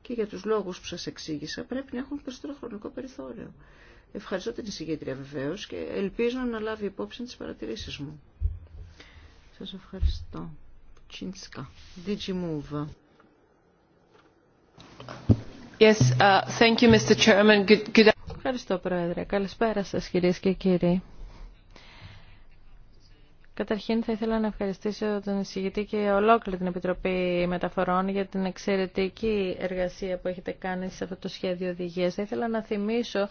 Και για τους λόγους που σας εξήγησα πρέπει να έχουν περισσότερο χρονικό περιθώριο. Ευχαριστώ την εισηγήτρια βεβαίω και ελπίζω να λάβει υπόψη τις παρατηρήσεις μου. Σας ευχαριστώ. Τσίντσκα. Digimove. Yes, uh, thank you, Mr. Chairman. Good, good... Ευχαριστώ, Πρόεδρε. Καλησπέρα σας, κυρίες και κύριοι. Καταρχήν θα ήθελα να ευχαριστήσω τον εισηγητή και ολόκληρη την Επιτροπή Μεταφορών για την εξαιρετική εργασία που έχετε κάνει σε αυτό το σχέδιο οδηγίας. Θα ήθελα να θυμίσω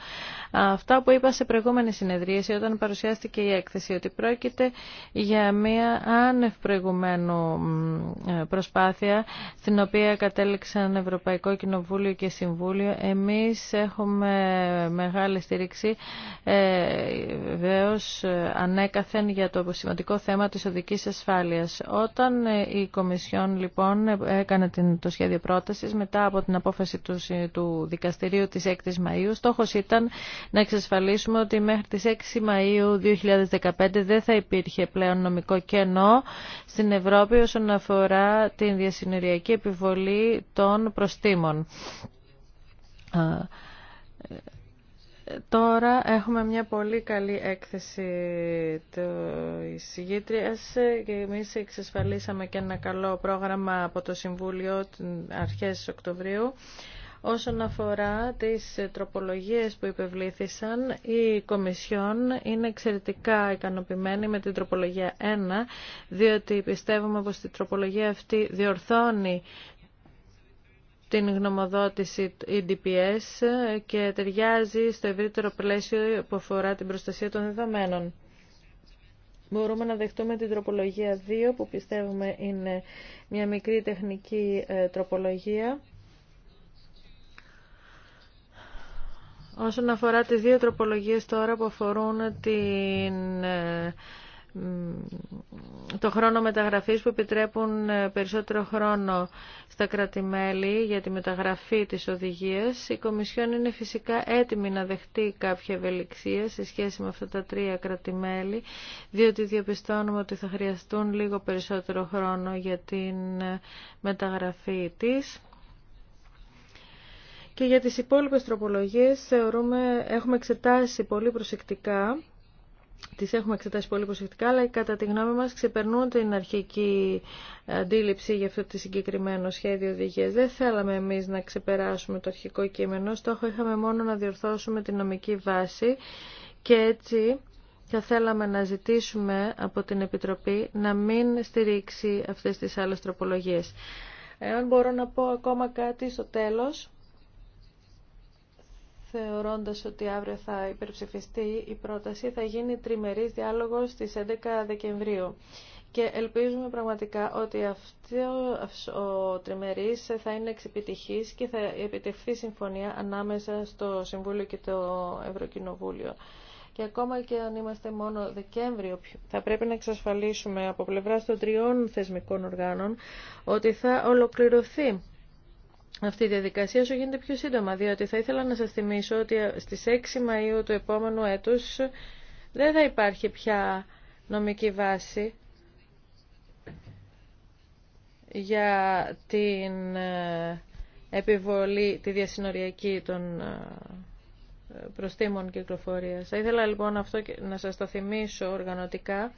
αυτά που είπα σε προηγούμενη συνεδρίαση όταν παρουσιάστηκε η έκθεση, ότι πρόκειται για μια άνευ προηγουμένου προσπάθεια στην οποία κατέληξαν Ευρωπαϊκό Κοινοβούλιο και Συμβούλιο. Εμείς έχουμε μεγάλη στήριξη ε, βεβαίω ε, ανέκαθεν για το σημαντικό θέμα της οδικής ασφάλειας. Όταν ε, η Κομισιόν λοιπόν ε, έκανε το σχέδιο πρότασης μετά από την απόφαση του, του δικαστηρίου της 6ης Μαΐου, στόχος ήταν να εξασφαλίσουμε ότι μέχρι τις 6 Μαΐου 2015 δεν θα υπήρχε πλέον νομικό κενό στην Ευρώπη όσον αφορά την διασυνοριακή επιβολή των προστήμων. Ε, Τώρα έχουμε μια πολύ καλή έκθεση της ηγήτριας και εμεί εξασφαλίσαμε και ένα καλό πρόγραμμα από το Συμβούλιο αρχές Οκτωβρίου. Όσον αφορά τις τροπολογίες που υπευλήθησαν, η Κομισιόν είναι εξαιρετικά ικανοποιημένη με την τροπολογία 1, διότι πιστεύουμε πως η τροπολογία αυτή διορθώνει την γνωμοδότηση EDPS και ταιριάζει στο ευρύτερο πλαίσιο που αφορά την προστασία των δεδομένων. Μπορούμε να δεχτούμε την τροπολογία 2 που πιστεύουμε είναι μια μικρή τεχνική ε, τροπολογία. Όσον αφορά τις δύο τροπολογίες τώρα που αφορούν την ε, το χρόνο μεταγραφής που επιτρέπουν ε, περισσότερο χρόνο στα κρατημέλη για τη μεταγραφή της οδηγίας. Η Κομισιόν είναι φυσικά έτοιμη να δεχτεί κάποια ευελιξία σε σχέση με αυτά τα τρία κρατημέλη, διότι διαπιστώνουμε ότι θα χρειαστούν λίγο περισσότερο χρόνο για την ε, μεταγραφή της. Και για τις υπόλοιπες τροπολογίες θεωρούμε, έχουμε εξετάσει πολύ προσεκτικά τις έχουμε εξετάσει πολύ προσεκτικά, αλλά κατά τη γνώμη μας ξεπερνούν την αρχική αντίληψη για αυτό το συγκεκριμένο σχέδιο οδηγία. Δεν θέλαμε εμείς να ξεπεράσουμε το αρχικό κείμενο, στόχο είχαμε μόνο να διορθώσουμε την νομική βάση και έτσι θα θέλαμε να ζητήσουμε από την Επιτροπή να μην στηρίξει αυτές τις άλλες τροπολογίες. Εάν μπορώ να πω ακόμα κάτι στο τέλος, θεωρώντας ότι αύριο θα υπερψηφιστεί η πρόταση, θα γίνει τριμερής διάλογος στις 11 Δεκεμβρίου. Και ελπίζουμε πραγματικά ότι αυτό ο τριμερής θα είναι επιτυχής και θα επιτευχθεί συμφωνία ανάμεσα στο Συμβούλιο και το Ευρωκοινοβούλιο. Και ακόμα και αν είμαστε μόνο Δεκέμβριο, θα πρέπει να εξασφαλίσουμε από πλευρά των τριών θεσμικών οργάνων ότι θα ολοκληρωθεί αυτή η διαδικασία σου γίνεται πιο σύντομα, διότι θα ήθελα να σας θυμίσω ότι στις 6 Μαΐου του επόμενου έτους δεν θα υπάρχει πια νομική βάση για την ε, επιβολή, τη διασυνοριακή των ε, προστήμων κυκλοφορίας. Θα ήθελα λοιπόν αυτό να σας το θυμίσω οργανωτικά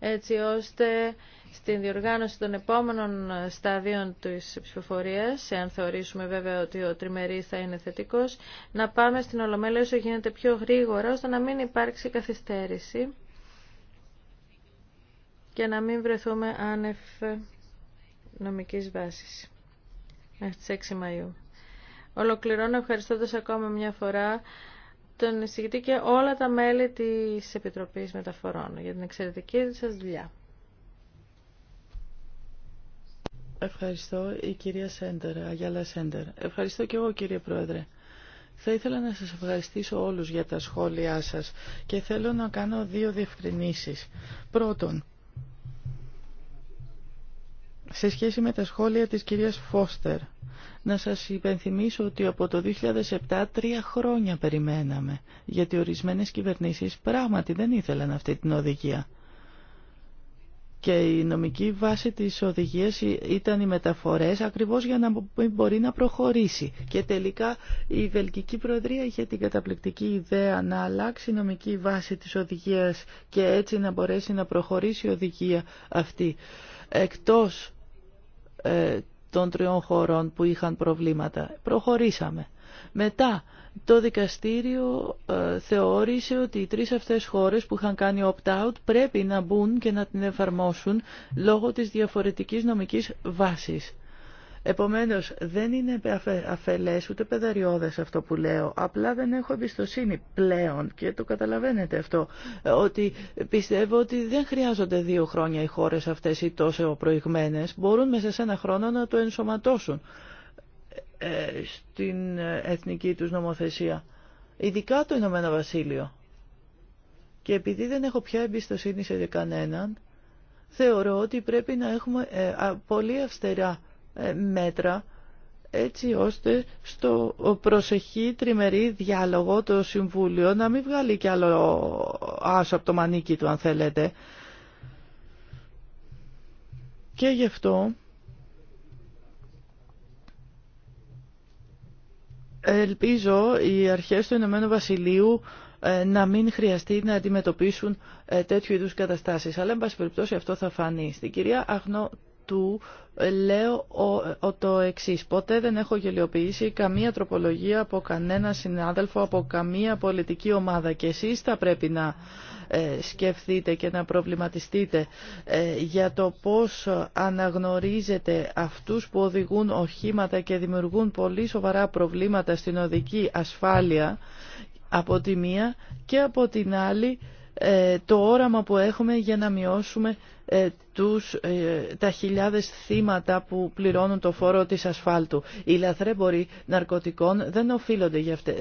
έτσι ώστε στην διοργάνωση των επόμενων στάδιων της ψηφοφορίας, εάν θεωρήσουμε βέβαια ότι ο τριμερής θα είναι θετικός, να πάμε στην Ολομέλεια όσο γίνεται πιο γρήγορα, ώστε να μην υπάρξει καθυστέρηση και να μην βρεθούμε άνευ νομικής βάσης μέχρι τις 6 Μαΐου. Ολοκληρώνω ευχαριστώντας ακόμα μια φορά τον εισηγητή και όλα τα μέλη της Επιτροπής Μεταφορών για την εξαιρετική σας δουλειά. Ευχαριστώ η κυρία Σέντερ, Αγιάλα Σέντερ. Ευχαριστώ και εγώ κύριε Πρόεδρε. Θα ήθελα να σας ευχαριστήσω όλους για τα σχόλιά σας και θέλω να κάνω δύο διευκρινήσεις. Πρώτον, σε σχέση με τα σχόλια της κυρίας Φώστερ, να σας υπενθυμίσω ότι από το 2007 τρία χρόνια περιμέναμε, γιατί ορισμένες κυβερνήσεις πράγματι δεν ήθελαν αυτή την οδηγία. Και η νομική βάση της οδηγίας ήταν οι μεταφορές ακριβώς για να μπορεί να προχωρήσει. Και τελικά η Βελγική Προεδρία είχε την καταπληκτική ιδέα να αλλάξει η νομική βάση της οδηγίας και έτσι να μπορέσει να προχωρήσει η οδηγία αυτή. Εκτός ε, των τριών χωρών που είχαν προβλήματα. Προχωρήσαμε. Μετά το δικαστήριο ε, θεώρησε ότι οι τρεις αυτές χώρες που είχαν κάνει opt-out πρέπει να μπουν και να την εφαρμόσουν λόγω της διαφορετικής νομικής βάσης. Επομένως δεν είναι αφελές ούτε παιδαριώδες αυτό που λέω, απλά δεν έχω εμπιστοσύνη πλέον και το καταλαβαίνετε αυτό, ε, ότι πιστεύω ότι δεν χρειάζονται δύο χρόνια οι χώρες αυτές ή τόσο προηγμένες, μπορούν μέσα σε ένα χρόνο να το ενσωματώσουν ε, στην εθνική τους νομοθεσία, ειδικά το Ηνωμένο Βασίλειο. Και επειδή δεν έχω πια εμπιστοσύνη σε κανέναν, θεωρώ ότι πρέπει να έχουμε ε, πολύ αυστερά ε, μέτρα έτσι ώστε στο προσεχή τριμερή διάλογο το Συμβούλιο να μην βγάλει κι άλλο άσο από το μανίκι του αν θέλετε. Και γι' αυτό ελπίζω οι αρχές του Ηνωμένου Βασιλείου ε, να μην χρειαστεί να αντιμετωπίσουν ε, τέτοιου είδους καταστάσεις. Αλλά, εν πάση περιπτώσει, αυτό θα φανεί. Στην κυρία Αγνό του ε, λέω ο, ε, το εξή. Ποτέ δεν έχω γελιοποιήσει καμία τροπολογία από κανένα συνάδελφο, από καμία πολιτική ομάδα και εσεί θα πρέπει να ε, σκεφτείτε και να προβληματιστείτε για το πώς αναγνωρίζετε αυτούς που οδηγούν οχήματα και δημιουργούν πολύ σοβαρά προβλήματα στην οδική ασφάλεια από τη μία και από την άλλη το όραμα που έχουμε για να μειώσουμε ε, τους, ε, τα χιλιάδες θύματα που πληρώνουν το φόρο της ασφάλτου. Οι λαθρέμποροι ναρκωτικών δεν, οφείλονται ε,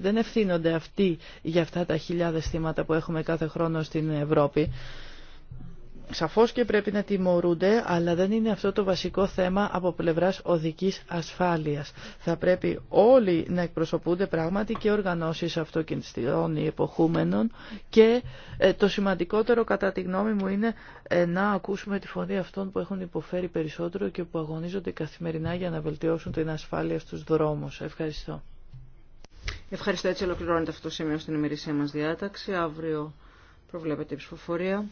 δεν ευθύνονται αυτοί για αυτά τα χιλιάδες θύματα που έχουμε κάθε χρόνο στην Ευρώπη. Σαφώς και πρέπει να τιμωρούνται, αλλά δεν είναι αυτό το βασικό θέμα από πλευράς οδικής ασφάλειας. Θα πρέπει όλοι να εκπροσωπούνται πράγματι και οργανώσεις αυτοκινηστιών ή εποχούμενων και ε, το σημαντικότερο κατά τη γνώμη μου είναι ε, να ακούσουμε τη φωνή αυτών που έχουν υποφέρει περισσότερο και που αγωνίζονται καθημερινά για να βελτιώσουν την ασφάλεια στους δρόμους. Ευχαριστώ. Ευχαριστώ. Έτσι ολοκληρώνεται αυτό το σημείο στην ημερησία μας διάταξη. Αύριο προβλέπεται η ψηφοφορία.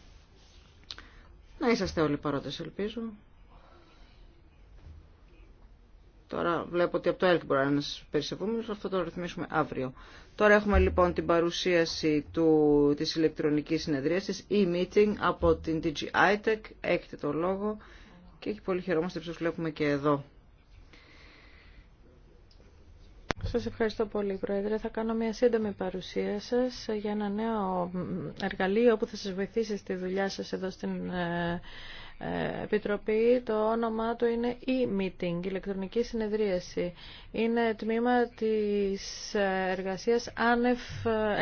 Να είσαστε όλοι παρόντες, ελπίζω. Τώρα βλέπω ότι από το ΕΛΚ μπορεί να είναι περισσευούμενος, αυτό το ρυθμίσουμε αύριο. Τώρα έχουμε λοιπόν την παρουσίαση του, της ηλεκτρονικής συνεδρίασης, e-meeting από την DG έχετε το λόγο και έχει πολύ χαιρόμαστε που σας βλέπουμε και εδώ. Σας ευχαριστώ πολύ, Πρόεδρε. Θα κάνω μια σύντομη παρουσία σας για ένα νέο εργαλείο που θα σας βοηθήσει στη δουλειά σας εδώ στην ε, ε, Επιτροπή. Το όνομά του είναι e-meeting, ηλεκτρονική συνεδρίαση. Είναι τμήμα της εργασίας άνευ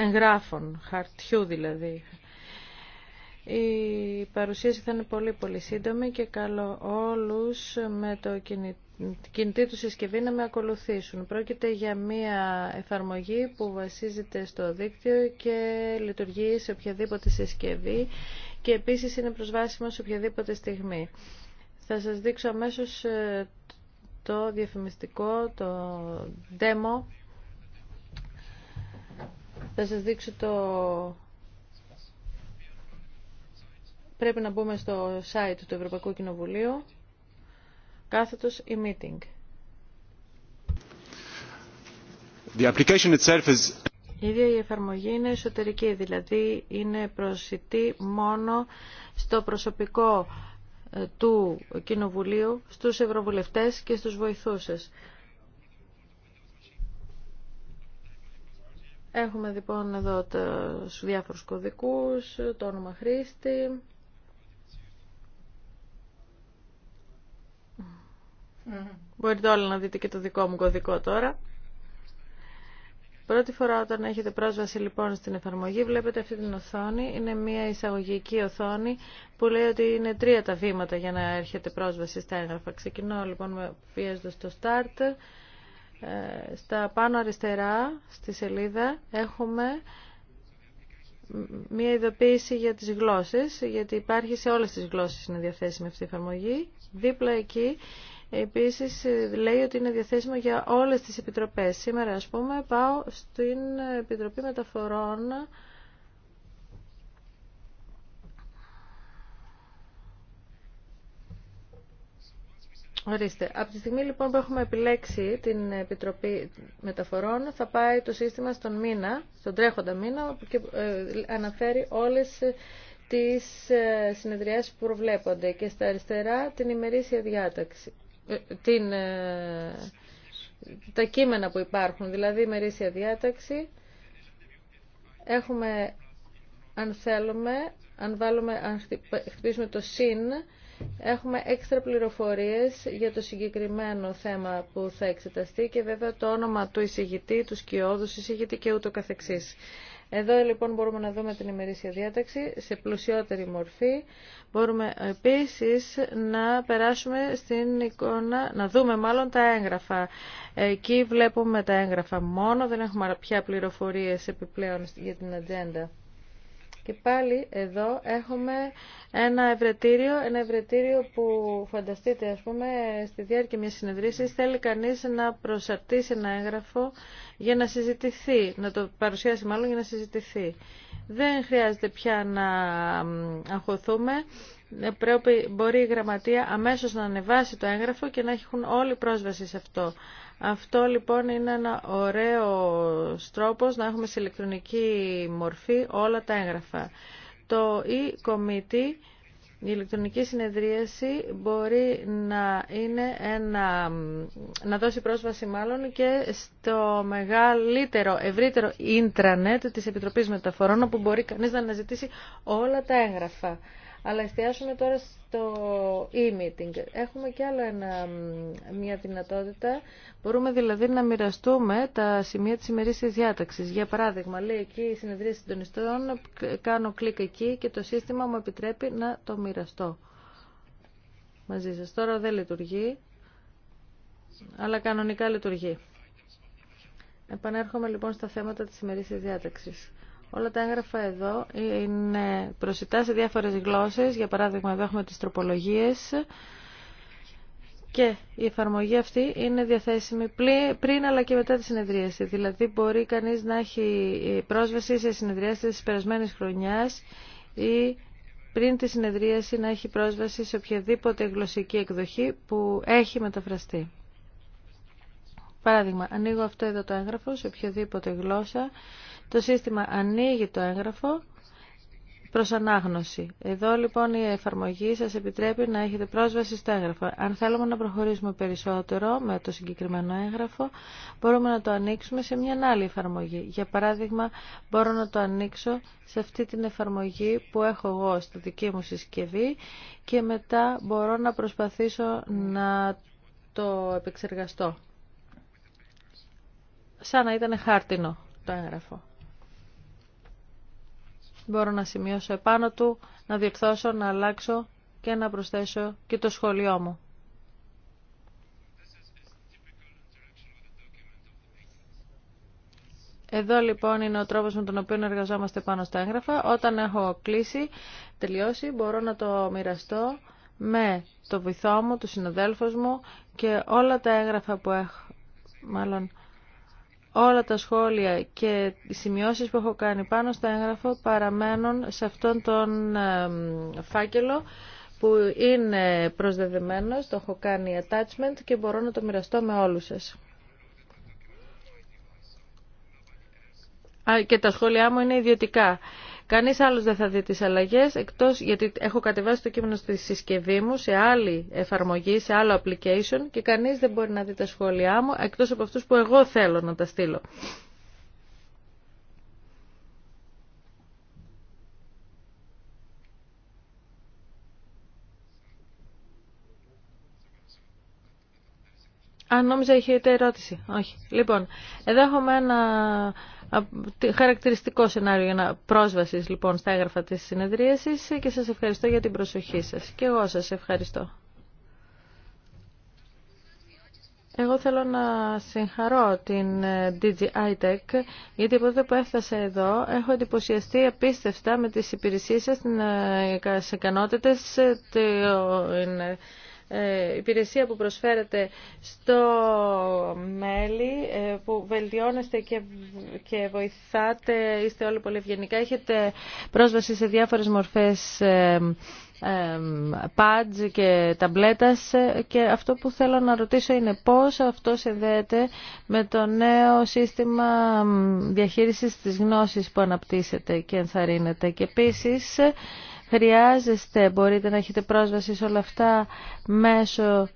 εγγράφων, χαρτιού δηλαδή. Η παρουσίαση θα είναι πολύ πολύ σύντομη και καλώ όλους με το κινητό κινητή του συσκευή να με ακολουθήσουν. Πρόκειται για μια εφαρμογή που βασίζεται στο δίκτυο και λειτουργεί σε οποιαδήποτε συσκευή και επίσης είναι προσβάσιμο σε οποιαδήποτε στιγμή. Θα σας δείξω αμέσως ε, το διαφημιστικό, το demo. Θα σας δείξω το... Πρέπει να μπούμε στο site του Ευρωπαϊκού Κοινοβουλίου καθετος ή e-meeting. The Η ίδια η εφαρμογή είναι εσωτερική, δηλαδή είναι προσιτή μόνο στο προσωπικό ε, του Κοινοβουλίου, στους Ευρωβουλευτές και στους βοηθούσες. Έχουμε λοιπόν εδώ τους διάφορους κωδικούς, το όνομα χρήστη, Μπορείτε όλοι να δείτε και το δικό μου κωδικό τώρα. Πρώτη φορά όταν έχετε πρόσβαση λοιπόν στην εφαρμογή βλέπετε αυτή την οθόνη. Είναι μια εισαγωγική οθόνη που λέει ότι είναι τρία τα βήματα για να έρχεται πρόσβαση στα έγγραφα. Ξεκινώ λοιπόν πιέζοντας το start. Ε, στα πάνω αριστερά στη σελίδα έχουμε μια ειδοποίηση για τις γλώσσες, γιατί υπάρχει σε όλες τις γλώσσες είναι διαθέσιμη αυτή η εφαρμογή. Δίπλα εκεί Επίσης λέει ότι είναι διαθέσιμο για όλες τις επιτροπές. Σήμερα ας πούμε πάω στην Επιτροπή Μεταφορών Ορίστε. Από τη στιγμή λοιπόν που έχουμε επιλέξει την Επιτροπή Μεταφορών θα πάει το σύστημα στον μήνα, στον τρέχοντα μήνα και ε, αναφέρει όλες τις ε, συνεδριάσεις που προβλέπονται και στα αριστερά την ημερήσια διάταξη. Ε, την, ε, τα κείμενα που υπάρχουν, δηλαδή η μερίσια διάταξη. Έχουμε, αν θέλουμε, αν, βάλουμε, αν χτυπήσουμε το συν, έχουμε έξτρα πληροφορίες για το συγκεκριμένο θέμα που θα εξεταστεί και βέβαια το όνομα του εισηγητή, του σκιώδους εισηγητή και ούτω καθεξής. Εδώ λοιπόν μπορούμε να δούμε την ημερήσια διάταξη σε πλουσιότερη μορφή. Μπορούμε επίσης να περάσουμε στην εικόνα, να δούμε μάλλον τα έγγραφα. Εκεί βλέπουμε τα έγγραφα μόνο, δεν έχουμε πια πληροφορίες επιπλέον για την ατζέντα. Και πάλι εδώ έχουμε ένα ευρετήριο, ένα ευρετήριο που φανταστείτε ας πούμε στη διάρκεια μιας συνεδρίσης θέλει κανείς να προσαρτήσει ένα έγγραφο για να συζητηθεί, να το παρουσιάσει μάλλον για να συζητηθεί. Δεν χρειάζεται πια να αγχωθούμε. Πρέπει, μπορεί η γραμματεία αμέσως να ανεβάσει το έγγραφο και να έχουν όλη πρόσβαση σε αυτό. Αυτό λοιπόν είναι ένα ωραίο τρόπο να έχουμε σε ηλεκτρονική μορφή όλα τα έγγραφα. Το e-committee, η ηλεκτρονική συνεδρίαση μπορεί να, είναι ένα, να δώσει πρόσβαση μάλλον και στο μεγαλύτερο, ευρύτερο intranet της Επιτροπής Μεταφορών όπου μπορεί κανείς να αναζητήσει όλα τα έγγραφα. Αλλά εστιάσουμε τώρα στο e-meeting. Έχουμε και άλλο ένα, μια δυνατότητα. Μπορούμε δηλαδή να μοιραστούμε τα σημεία της ημερήσιας διάταξης. Για παράδειγμα, λέει εκεί η συνεδρία συντονιστών, κάνω κλικ εκεί και το σύστημα μου επιτρέπει να το μοιραστώ. Μαζί σας. Τώρα δεν λειτουργεί, αλλά κανονικά λειτουργεί. Επανέρχομαι λοιπόν στα θέματα της ημερήσιας διάταξης. Όλα τα έγγραφα εδώ είναι προσιτά σε διάφορες γλώσσες. Για παράδειγμα, εδώ έχουμε τις τροπολογίες και η εφαρμογή αυτή είναι διαθέσιμη πριν αλλά και μετά τη συνεδρίαση. Δηλαδή μπορεί κανείς να έχει πρόσβαση σε συνεδρίαση της περασμένης χρονιάς ή πριν τη συνεδρίαση να έχει πρόσβαση σε οποιαδήποτε γλωσσική εκδοχή που έχει μεταφραστεί. Παράδειγμα, ανοίγω αυτό εδώ το έγγραφο σε οποιαδήποτε γλώσσα το σύστημα ανοίγει το έγγραφο προς ανάγνωση. Εδώ λοιπόν η εφαρμογή σας επιτρέπει να έχετε πρόσβαση στο έγγραφο. Αν θέλουμε να προχωρήσουμε περισσότερο με το συγκεκριμένο έγγραφο, μπορούμε να το ανοίξουμε σε μια άλλη εφαρμογή. Για παράδειγμα, μπορώ να το ανοίξω σε αυτή την εφαρμογή που έχω εγώ στη δική μου συσκευή και μετά μπορώ να προσπαθήσω να το επεξεργαστώ. Σαν να ήταν χάρτινο το έγγραφο μπορώ να σημειώσω επάνω του, να διορθώσω, να αλλάξω και να προσθέσω και το σχολείο μου. Εδώ λοιπόν είναι ο τρόπος με τον οποίο εργαζόμαστε πάνω στα έγγραφα. Όταν έχω κλείσει, τελειώσει, μπορώ να το μοιραστώ με το βυθό μου, του συναδέλφους μου και όλα τα έγγραφα που έχω, μάλλον όλα τα σχόλια και οι σημειώσεις που έχω κάνει πάνω στο έγγραφο παραμένουν σε αυτόν τον φάκελο που είναι προσδεδεμένος, το έχω κάνει attachment και μπορώ να το μοιραστώ με όλους σας. Και τα σχόλιά μου είναι ιδιωτικά. Κανείς άλλος δεν θα δει τι αλλαγέ εκτός γιατί έχω κατεβάσει το κείμενο στη συσκευή μου, σε άλλη εφαρμογή, σε άλλο application και κανείς δεν μπορεί να δει τα σχόλιά μου, εκτός από αυτούς που εγώ θέλω να τα στείλω. Αν νόμιζα είχε ερώτηση. Όχι. Λοιπόν, εδώ έχουμε ένα Χαρακτηριστικό σενάριο για πρόσβασης λοιπόν στα έγγραφα της συνεδρίασης και σας ευχαριστώ για την προσοχή σας. Και εγώ σας ευχαριστώ. Εγώ θέλω να συγχαρώ την ε, DG Tech, γιατί από τότε που έφτασα εδώ έχω εντυπωσιαστεί απίστευτα με τις υπηρεσίες σας, τις ε, ικανότητες, ε, την ε, υπηρεσία που προσφέρετε στο μέλη, ε, που βελτιώνεστε και, βοηθάτε, είστε όλοι πολύ ευγενικά, έχετε πρόσβαση σε διάφορες μορφές ε, pads και ταμπλέτας και αυτό που θέλω να ρωτήσω είναι πώς αυτό συνδέεται με το νέο σύστημα διαχείρισης της γνώσης που αναπτύσσεται και ενθαρρύνεται και επίσης χρειάζεστε, μπορείτε να έχετε πρόσβαση σε όλα αυτά μέσω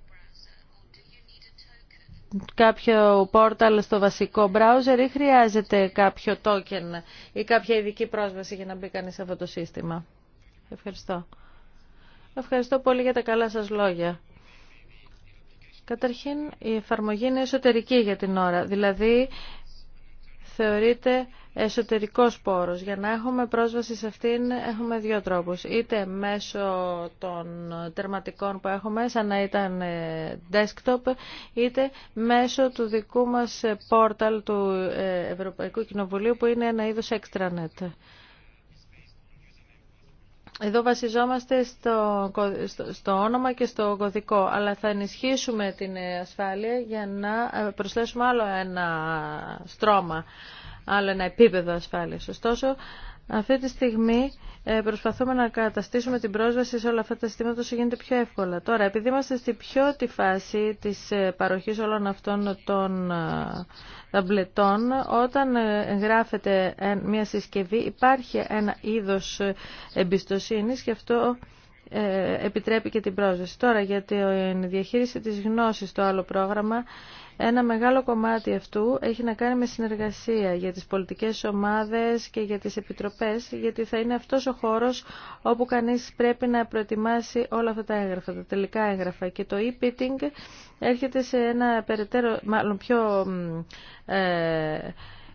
κάποιο πόρταλ στο βασικό browser ή χρειάζεται κάποιο token ή κάποια ειδική πρόσβαση για να μπει κανείς σε αυτό το σύστημα. Ευχαριστώ. Ευχαριστώ πολύ για τα καλά σας λόγια. Καταρχήν, η εφαρμογή είναι εσωτερική για την ώρα. Δηλαδή, θεωρείται εσωτερικός πόρος. Για να έχουμε πρόσβαση σε αυτήν έχουμε δύο τρόπους. Είτε μέσω των τερματικών που έχουμε, σαν να ήταν ε, desktop, είτε μέσω του δικού μας πόρταλ ε, του ε, Ευρωπαϊκού Κοινοβουλίου που είναι ένα είδος extranet. Εδώ βασιζόμαστε στο, στο όνομα και στο κωδικό, αλλά θα ενισχύσουμε την ασφάλεια για να ε, προσθέσουμε άλλο ένα στρώμα, άλλο ένα επίπεδο ασφάλειας. Ωστόσο, αυτή τη στιγμή ε, προσπαθούμε να καταστήσουμε την πρόσβαση σε όλα αυτά τα συστήματα όσο γίνεται πιο εύκολα. Τώρα, επειδή είμαστε στη πιο τη φάση της ε, παροχής όλων αυτών των ε, ταμπλετών, όταν γράφεται μια συσκευή υπάρχει ένα είδος εμπιστοσύνης και αυτό επιτρέπει και την πρόσβαση. Τώρα για τη διαχείριση της γνώσης στο άλλο πρόγραμμα ένα μεγάλο κομμάτι αυτού έχει να κάνει με συνεργασία για τις πολιτικές ομάδες και για τις επιτροπές, γιατί θα είναι αυτός ο χώρος όπου κανείς πρέπει να προετοιμάσει όλα αυτά τα έγγραφα, τα τελικά έγγραφα. Και το e-pitting έρχεται σε ένα περαιτέρω, μάλλον πιο ε,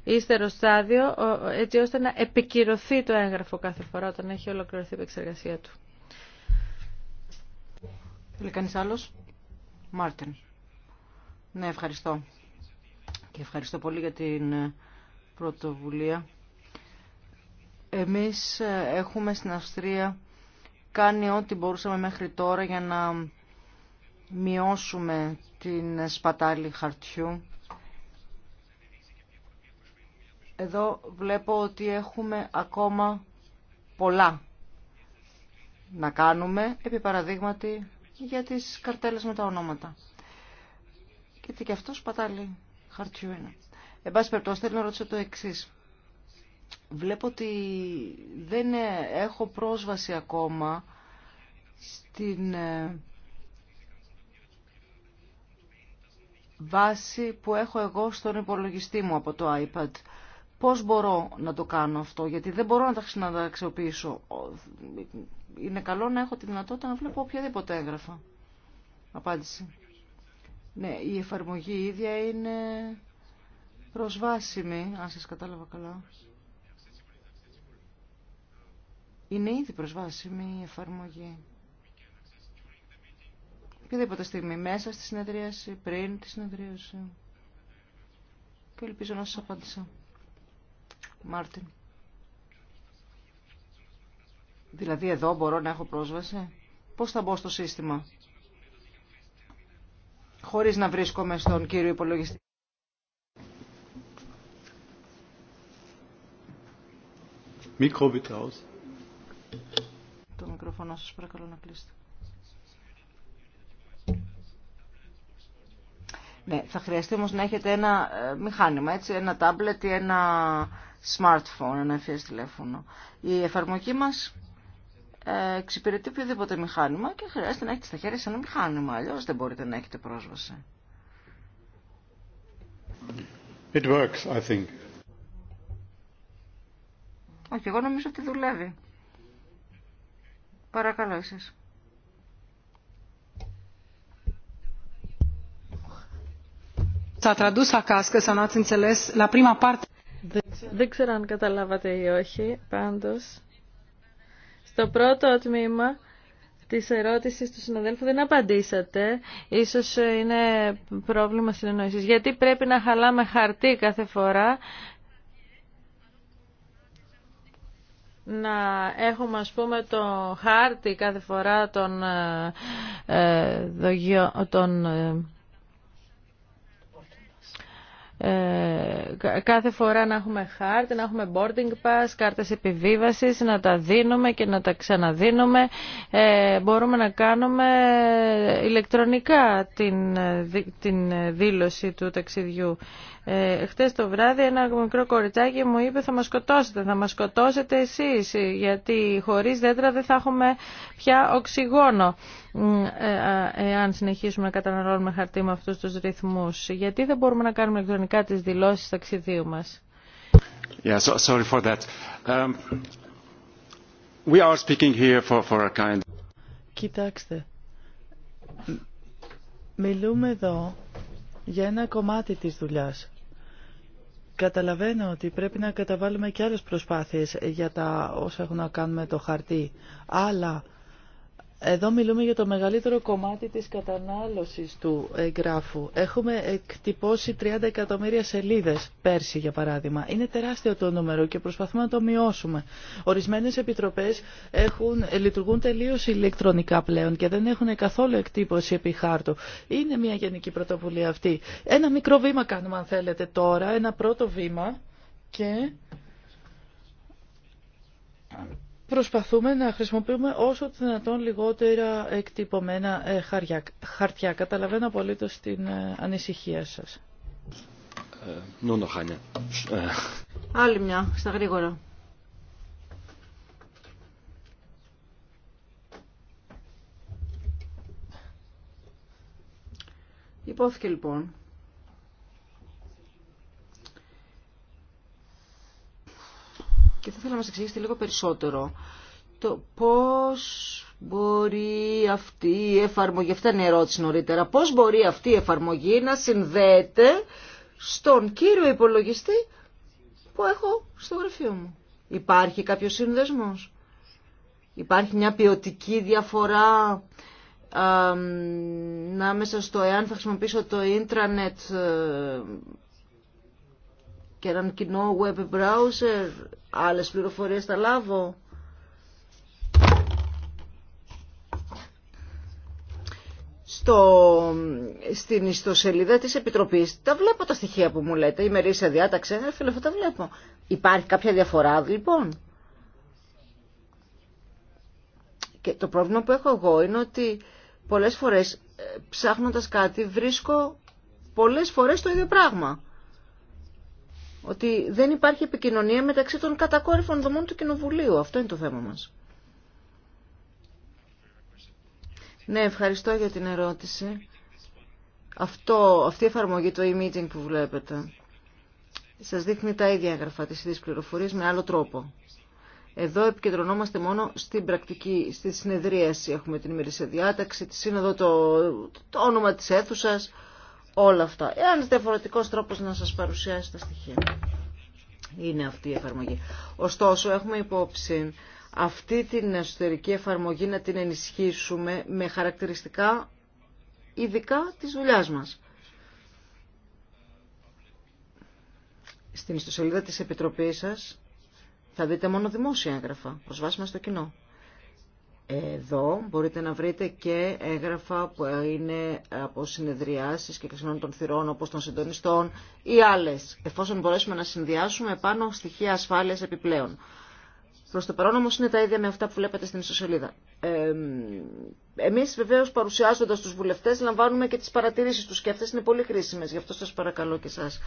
ύστερο στάδιο, έτσι ώστε να επικυρωθεί το έγγραφο κάθε φορά όταν έχει ολοκληρωθεί η επεξεργασία του. Θέλει κανείς άλλος? Ναι, ευχαριστώ. Και ευχαριστώ πολύ για την ε, πρωτοβουλία. Εμείς ε, έχουμε στην Αυστρία κάνει ό,τι μπορούσαμε μέχρι τώρα για να μειώσουμε την σπατάλη χαρτιού. Εδώ βλέπω ότι έχουμε ακόμα πολλά να κάνουμε, επί παραδείγματι, για τις καρτέλες με τα ονόματα. Γιατί και αυτό σπατάλει χαρτιού ένα. Εν πάση θέλω να ρωτήσω το εξή. Βλέπω ότι δεν ε, έχω πρόσβαση ακόμα στην ε, βάση που έχω εγώ στον υπολογιστή μου από το iPad. Πώς μπορώ να το κάνω αυτό, γιατί δεν μπορώ να τα αξιοποιήσω. Είναι καλό να έχω τη δυνατότητα να βλέπω οποιαδήποτε έγγραφα. Απάντηση. Ναι, η εφαρμογή ίδια είναι προσβάσιμη, αν σας κατάλαβα καλά. Είναι ήδη προσβάσιμη η εφαρμογή. Οποιαδήποτε στιγμή, μέσα στη συνεδρίαση, πριν τη συνεδρίαση. Και ελπίζω να σας απάντησα. Μάρτιν. Δηλαδή εδώ μπορώ να έχω πρόσβαση. Πώς θα μπω στο σύστημα χωρίς να βρίσκομαι στον κύριο υπολογιστή. Μικρό Το μικρόφωνο σας παρακαλώ να κλείσετε. Ναι, θα χρειαστεί όμως να έχετε ένα ε, μηχάνημα, έτσι, ένα τάμπλετ ή ένα smartphone, ένα ευφυές τηλέφωνο. Η εφαρμογή μας ε, εξυπηρετεί οποιοδήποτε μηχάνημα και χρειάζεται να έχετε στα χέρια σαν ένα μηχάνημα, Αλλιώ δεν μπορείτε να έχετε πρόσβαση. It works, Όχι, εγώ νομίζω ότι δουλεύει. Παρακαλώ εσείς. Δεν ξέρω αν καταλάβατε ή όχι, πάντως το πρώτο τμήμα της ερώτησης του συναδέλφου δεν απαντήσατε. Ίσως είναι πρόβλημα συνεννόησης. Γιατί πρέπει να χαλάμε χαρτί κάθε φορά να έχουμε ας πούμε το χάρτη κάθε φορά των, ε, ε δογιο, των ε, ε, κάθε φορά να έχουμε χάρτη, να έχουμε boarding pass, κάρτες επιβίβασης, να τα δίνουμε και να τα ξαναδίνουμε. Ε, μπορούμε να κάνουμε ηλεκτρονικά την, ε, την δήλωση του ταξιδιού. Ε, το βράδυ ένα μικρό κοριτσάκι μου είπε θα μας σκοτώσετε, θα μας σκοτώσετε εσείς γιατί χωρίς δέντρα δεν θα έχουμε πια οξυγόνο εάν ε, συνεχίσουμε να καταναλώνουμε χαρτί με αυτούς τους ρυθμούς. Γιατί δεν μπορούμε να κάνουμε ηλεκτρονικά τις δηλώσεις ταξιδίου μας. Yeah, sorry for that. Um, we are speaking here for, for a kind... Κοιτάξτε, μιλούμε εδώ για ένα κομμάτι της δουλειάς Καταλαβαίνω ότι πρέπει να καταβάλουμε και άλλες προσπάθειες για τα όσα έχουν να κάνουν με το χαρτί, αλλά εδώ μιλούμε για το μεγαλύτερο κομμάτι της κατανάλωσης του εγγράφου. Έχουμε εκτυπώσει 30 εκατομμύρια σελίδες πέρσι, για παράδειγμα. Είναι τεράστιο το νούμερο και προσπαθούμε να το μειώσουμε. Ορισμένες επιτροπές έχουν, λειτουργούν τελείως ηλεκτρονικά πλέον και δεν έχουν καθόλου εκτύπωση επί χάρτου. Είναι μια γενική πρωτοβουλία αυτή. Ένα μικρό βήμα κάνουμε, αν θέλετε, τώρα. Ένα πρώτο βήμα και Προσπαθούμε να χρησιμοποιούμε όσο δυνατόν λιγότερα εκτυπωμένα ε, χαρτιά. Καταλαβαίνω απολύτως την ε, ανησυχία σας. Ε, Άλλη μια, στα γρήγορα. Υπόθηκε λοιπόν και θα ήθελα να μας εξηγήσετε λίγο περισσότερο το πώς μπορεί αυτή η εφαρμογή, αυτή είναι η ερώτηση νωρίτερα, πώς μπορεί αυτή η εφαρμογή να συνδέεται στον κύριο υπολογιστή που έχω στο γραφείο μου. Υπάρχει κάποιος σύνδεσμος, υπάρχει μια ποιοτική διαφορά ανάμεσα στο εάν θα χρησιμοποιήσω το ίντρανετ και έναν κοινό web browser, άλλες πληροφορίες θα λάβω. στο, στην ιστοσελίδα της Επιτροπής. Τα βλέπω τα στοιχεία που μου λέτε, η μερίσια διάταξη, ε, φίλε, τα βλέπω. Υπάρχει κάποια διαφορά, λοιπόν. Και το πρόβλημα που έχω εγώ είναι ότι πολλές φορές ε, ψάχνοντας κάτι βρίσκω πολλές φορές το ίδιο πράγμα ότι δεν υπάρχει επικοινωνία μεταξύ των κατακόρυφων δομών του Κοινοβουλίου. Αυτό είναι το θέμα μας. Ναι, ευχαριστώ για την ερώτηση. Αυτό, αυτή η εφαρμογή, το e-meeting που βλέπετε, σας δείχνει τα ίδια έγγραφα, της ίδιας πληροφορίας με άλλο τρόπο. Εδώ επικεντρωνόμαστε μόνο στην πρακτική, στη συνεδρίαση. Έχουμε την ημερήσια διάταξη, τη σύνοδο, το, το όνομα της αίθουσας, όλα αυτά. Ένας διαφορετικό τρόπος να σας παρουσιάσει τα στοιχεία. Είναι αυτή η εφαρμογή. Ωστόσο, έχουμε υπόψη αυτή την εσωτερική εφαρμογή να την ενισχύσουμε με χαρακτηριστικά ειδικά της δουλειάς μας. Στην ιστοσελίδα της Επιτροπής σας θα δείτε μόνο δημόσια έγγραφα, προσβάσιμα στο κοινό. Εδώ μπορείτε να βρείτε και έγγραφα που είναι από συνεδριάσεις και ξενών των θυρών όπως των συντονιστών ή άλλες, εφόσον μπορέσουμε να συνδυάσουμε πάνω στοιχεία ασφάλειας επιπλέον. Προ το παρόν όμω είναι τα ίδια με αυτά που βλέπετε στην ιστοσελίδα. Ε, εμείς βεβαίως παρουσιάζοντας τους βουλευτές λαμβάνουμε και τι παρατηρήσει του και αυτέ είναι πολύ χρήσιμε, γι' αυτό σα παρακαλώ και εσάς.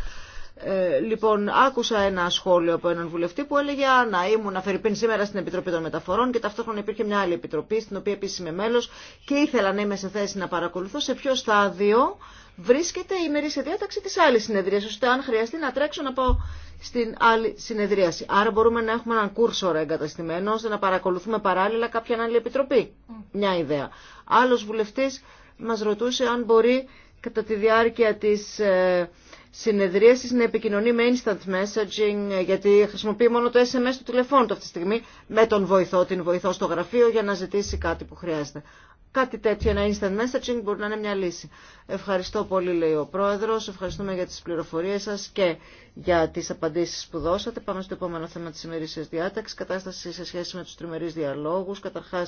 Ε, λοιπόν, άκουσα ένα σχόλιο από έναν βουλευτή που έλεγε Α, να ήμουν αφαιρεπίν σήμερα στην Επιτροπή των Μεταφορών και ταυτόχρονα υπήρχε μια άλλη επιτροπή στην οποία επίση είμαι μέλο και ήθελα να είμαι σε θέση να παρακολουθώ σε ποιο στάδιο βρίσκεται η ημερήσια διάταξη της άλλης συνεδρίας, ώστε αν χρειαστεί να τρέξω να πάω στην άλλη συνεδρίαση. Άρα μπορούμε να έχουμε έναν κούρσορα εγκαταστημένο, ώστε να παρακολουθούμε παράλληλα κάποια άλλη επιτροπή. Mm. Μια ιδέα. Άλλος βουλευτής μας ρωτούσε αν μπορεί κατά τη διάρκεια της ε, συνεδρίασης να επικοινωνεί με instant messaging, ε, γιατί χρησιμοποιεί μόνο το SMS του τηλεφώνου αυτή τη στιγμή, με τον βοηθό, την βοηθό στο γραφείο για να ζητήσει κάτι που χρειάζεται κάτι τέτοιο, ένα instant messaging μπορεί να είναι μια λύση. Ευχαριστώ πολύ, λέει ο πρόεδρο, ευχαριστούμε για τι πληροφορίε σα και για τι απαντήσει που δώσατε. Πάμε στο επόμενο θέμα τη ημερήσια διάταξη, κατάσταση σε σχέση με του τριμερεί διαλόγου, καταρχά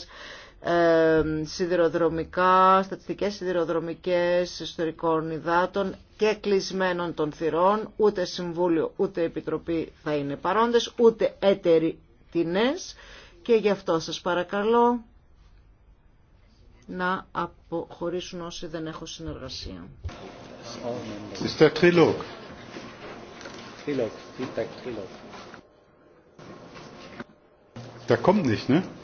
ε, σιδηροδρομικά, στατιστικές σιδηροδρομικές ιστορικών υδάτων και κλεισμένων των θυρών, ούτε Συμβούλιο, ούτε Επιτροπή θα είναι παρόντες, ούτε έτεροι Και γι' αυτό σας παρακαλώ να αποχωρήσουν όσοι δεν έχουν συνεργασία. Da kommt nicht, ne?